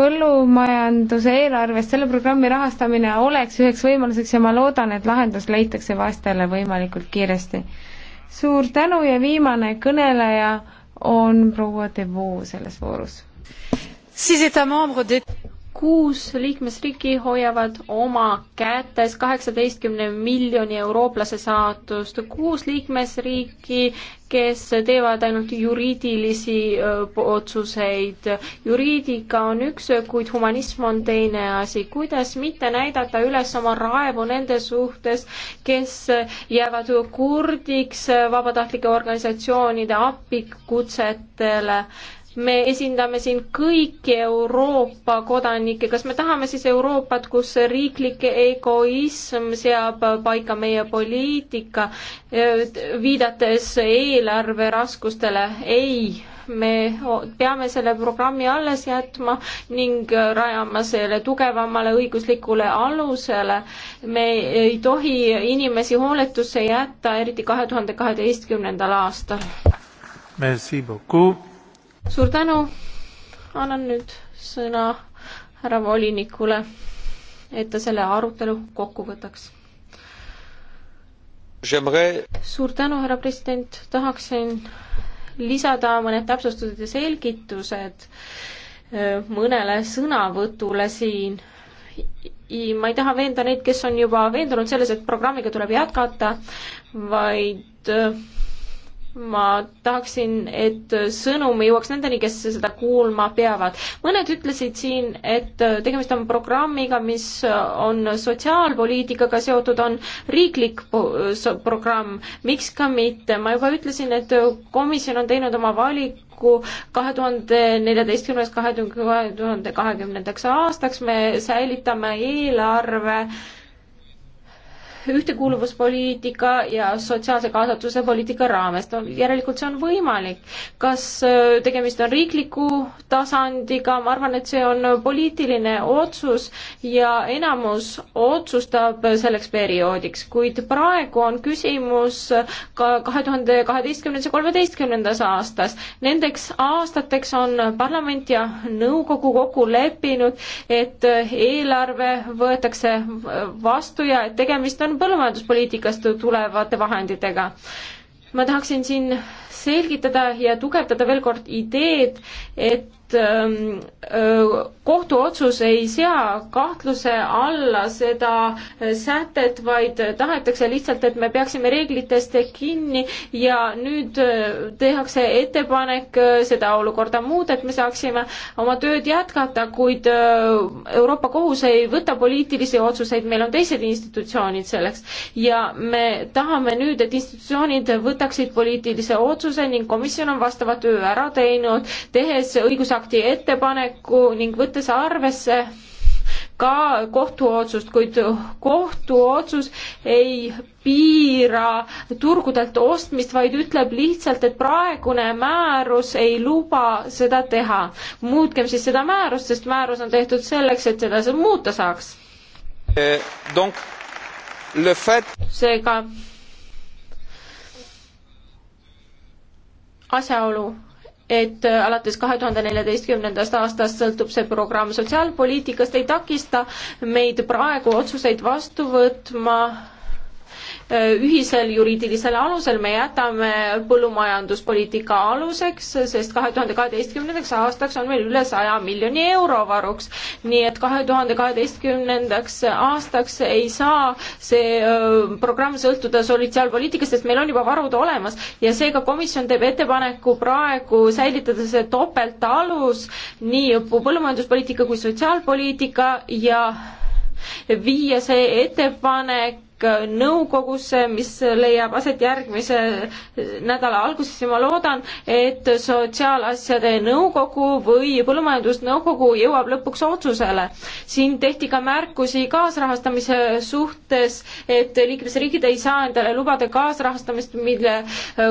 põllumajanduse eelarvest selle programmi rahastamine oleks üheks võimaluseks ja ma loodan, et lahendus leitakse vastele võimalikult kiiresti. suur tänu ja viimane kõneleja on proua Devoo selles voorus kuus liikmesriiki hoiavad oma kätes kaheksateistkümne miljoni eurooplase saatust, kuus liikmesriiki, kes teevad ainult juriidilisi otsuseid. juriidika on üks, kuid humanism on teine asi. kuidas mitte näidata üles oma raevu nende suhtes, kes jäävad kurdiks vabatahtlike organisatsioonide appikutsetele me esindame siin kõiki Euroopa kodanikke, kas me tahame siis Euroopat, kus riiklik egoism seab paika meie poliitika, viidates eelarve raskustele? ei, me peame selle programmi alles jätma ning rajama selle tugevamale õiguslikule alusele. me ei tohi inimesi hooletusse jätta, eriti kahe tuhande kaheteistkümnendal aastal. Merci beaucoup suur tänu, annan nüüd sõna härra volinikule, et ta selle arutelu kokku võtaks. suur tänu, härra president, tahaksin lisada mõned täpsustused ja selgitused äh, mõnele sõnavõtule siin. ma ei taha veenda neid, kes on juba veendunud selles, et programmiga tuleb jätkata, vaid äh, ma tahaksin, et sõnum jõuaks nendeni, kes seda kuulma peavad. mõned ütlesid siin, et tegemist on programmiga, mis on sotsiaalpoliitikaga seotud, on riiklik programm, miks ka mitte. ma juba ütlesin, et komisjon on teinud oma valiku kokku kahe tuhande neljateistkümnest kahe tuhande kahekümnendaks aastaks me säilitame eelarve äh, ühtekuuluvuspoliitika ja sotsiaalse kaasatuse poliitika raames. no järelikult see on võimalik. kas äh, tegemist on riikliku tasandiga, ma arvan, et see on poliitiline otsus ja enamus otsustab selleks perioodiks, kuid praegu on küsimus ka kahe tuhande kaheteistkümnendas ja kolmeteistkümnendas aastas. Nendeks aastateks on parlament ja nõukogu kokku leppinud, et eelarve võetakse vastu ja et tegemist on on põllumajanduspoliitikast tulevate vahenditega. ma tahaksin siin selgitada ja tugevdada veel kord ideed, et Ähm, äh, kohtuotsus ei sea kahtluse alla seda äh, sätet, vaid tahetakse lihtsalt, et me peaksime reeglitest kinni ja nüüd äh, tehakse ettepanek seda olukorda muuta, et me saaksime oma tööd jätkata, kuid Euroopa Kohus ei võta poliitilisi otsuseid, meil on teised institutsioonid selleks ja me tahame nüüd, et institutsioonid võtaksid poliitilise otsuse ning komisjon on vastava töö ära teinud, tehes õigusakti õigusakti ettepaneku ning võttes arvesse ka kohtuotsust, kuid kohtuotsus ei piira turgudelt ostmist, vaid ütleb lihtsalt, et praegune määrus ei luba seda teha. muutkem siis seda määrust, sest määrus on tehtud selleks, et seda muuta saaks eh,. Fait... seega asjaolu et äh, alates kahe tuhande neljateistkümnendast aastast sõltub see programm sotsiaalpoliitikast, ei takista meid praegu otsuseid vastu võtma Äh, ühisel juriidilisel alusel, me jätame põllumajanduspoliitika aluseks, sest kahe tuhande kaheteistkümnendaks aastaks on meil üle saja miljoni euro varuks. nii et kahe tuhande kaheteistkümnendaks aastaks ei saa see äh, programm sõltuda sotsiaalpoliitikast, sest meil on juba varud olemas ja seega komisjon teeb ettepaneku praegu säilitada see topeltalus nii põllumajanduspoliitika kui sotsiaalpoliitika ja viia see ettepanek kõik nõukogusse, mis leiab aset järgmise nädala alguses ja ma loodan, et Sotsiaalasjade Nõukogu või Põllumajandusnõukogu jõuab lõpuks otsusele. siin tehti ka märkusi kaasrahastamise suhtes, et liikmesriigid ei saa endale lubada kaasrahastamist, mille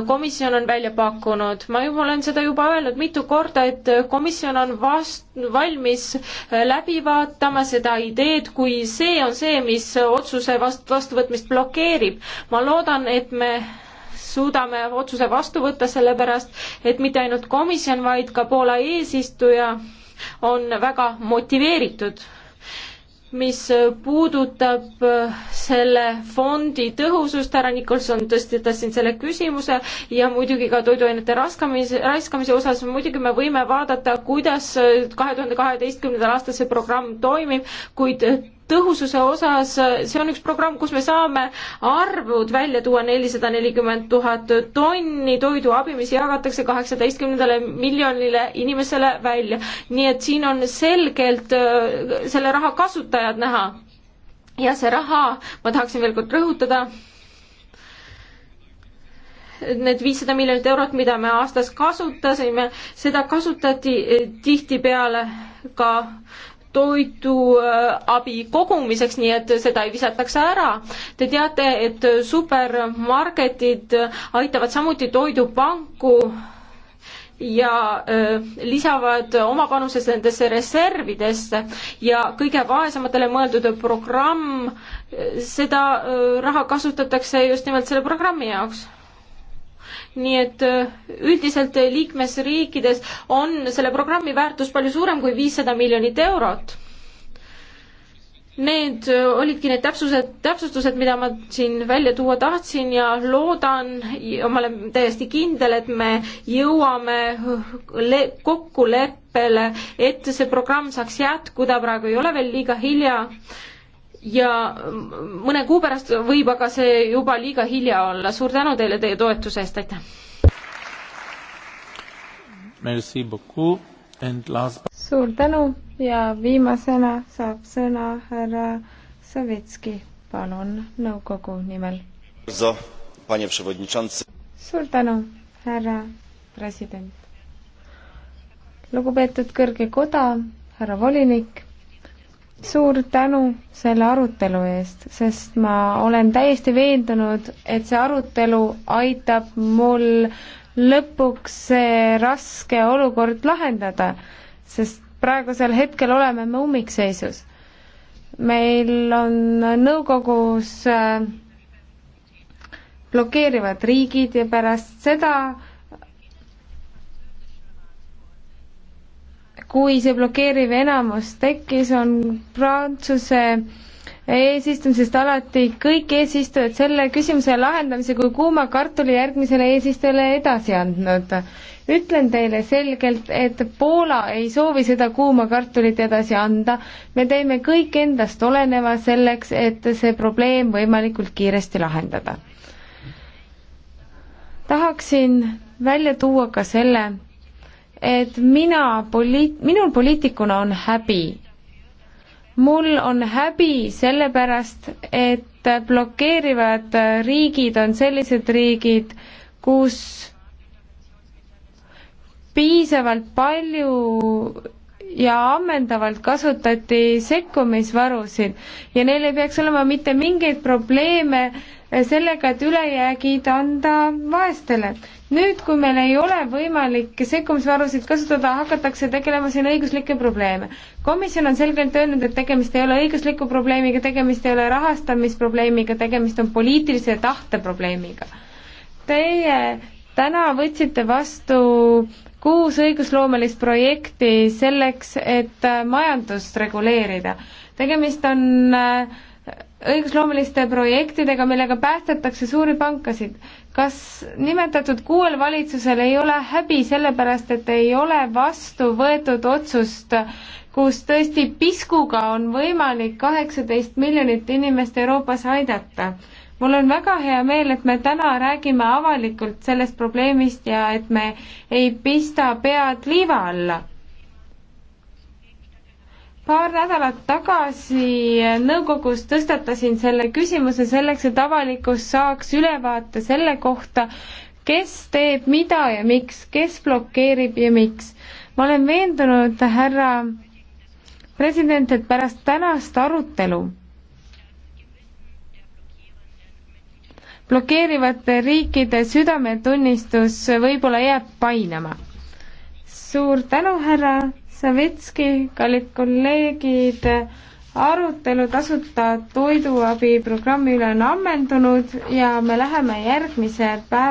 komisjon on välja pakkunud. ma juba olen seda juba öelnud mitu korda, et komisjon on vastu valmis äh, läbi vaatama seda ideed, kui see on see, mis otsuse vast-, vastuvõtmist blokeerib. ma loodan, et me suudame otsuse vastu võtta, sellepärast et mitte ainult komisjon, vaid ka Poola eesistuja on väga motiveeritud mis äh, puudutab äh, selle fondi tõhusust, härra Nikolson tõstatas siin selle küsimuse ja muidugi ka toiduainete raskamise, raiskamise osas muidugi me võime vaadata, kuidas äh, kahe tuhande kaheteistkümnendal aastal see programm toimib, kuid tõhususe osas, see on üks programm, kus me saame arvud välja tuua, nelisada nelikümmend tuhat tonni toiduabi, mis jagatakse kaheksateistkümnendale miljonile inimesele välja. nii et siin on selgelt äh, selle raha kasutajad näha. ja see raha, ma tahaksin veel kord rõhutada, need viissada miljonit eurot, mida me aastas kasutasime, seda kasutati äh, tihtipeale ka äh, toiduabi äh, kogumiseks, nii et seda ei visataks ära. Te teate, et supermarketid aitavad samuti toidupanku ja öö, äh, lisavad oma panuses nendesse reservidesse ja kõige vaesematele mõeldud programm, äh, seda öö, raha kasutatakse just nimelt selle programmi jaoks nii et äh, üldiselt liikmesriikides on selle programmi väärtus palju suurem kui viissada miljonit eurot. Need äh, olidki need täpsused, täpsustused, mida ma siin välja tuua tahtsin ja loodan ja ma olen täiesti kindel, et me jõuame äh, le-, kokkuleppele, et see programm saaks jätkuda, praegu ei ole veel liiga hilja ja mõne kuu pärast võib aga see juba liiga hilja olla. suur tänu teile teie toetuse eest, aitäh! suur tänu ja viimasena saab sõna härra Savitski, palun, nõukogu nimel. suur tänu, härra president. lugupeetud kõrge koda, härra volinik suur tänu selle arutelu eest, sest ma olen täiesti veendunud, et see arutelu aitab mul lõpuks see raske olukord lahendada, sest praegusel hetkel oleme me ummikseisus. meil on nõukogus äh, blokeerivad riigid ja pärast seda äh, kui see blokeeriv enamus tekkis, on Prantsuse eesistumisest alati kõik eesistujad selle küsimuse lahendamise kui kuuma kartuli järgmisele eesistujale edasi andnud. ütlen teile selgelt, et Poola ei soovi seda kuuma kartulit edasi anda. me teeme kõik endast oleneva selleks, et see probleem võimalikult kiiresti lahendada. tahaksin välja tuua ka selle, et mina poliit-, minul poliitikuna on häbi. mul on häbi sellepärast, et blokeerivad riigid on sellised riigid, kus piisavalt palju ja ammendavalt kasutati sekkumisvarusid ja neil ei peaks olema mitte mingeid probleeme sellega, et ülejäägid anda vaestele nüüd, kui meil ei ole võimalik sekkumisvarusid kasutada, hakatakse tegelema siin õiguslikke probleeme. komisjon on selgelt öelnud, et tegemist ei ole õigusliku probleemiga, tegemist ei ole rahastamisprobleemiga, tegemist on poliitilise tahte probleemiga. Teie täna võtsite vastu kuus õigusloomelist projekti selleks, et äh, majandust reguleerida. tegemist on äh, õigusloomeliste projektidega, millega päästetakse suuri pankasid kas nimetatud kuuel valitsusel ei ole häbi sellepärast, et ei ole vastu võetud otsust, kus tõesti piskuga on võimalik kaheksateist miljonit inimest Euroopas aidata? mul on väga hea meel, et me täna räägime avalikult sellest probleemist ja et me ei pista pead liiva alla paar nädalat tagasi nõukogus tõstatasin selle küsimuse selleks, et avalikkus saaks ülevaate selle kohta, kes teeb mida ja miks, kes blokeerib ja miks. ma olen veendunud, härra president, et pärast tänast arutelu blokeerivate riikide südametunnistus võib-olla jääb painama. suur tänu, härra Savitski, kallid kolleegid, arutelu tasuta toiduabi programmi üle on ammendunud ja me läheme järgmise päeva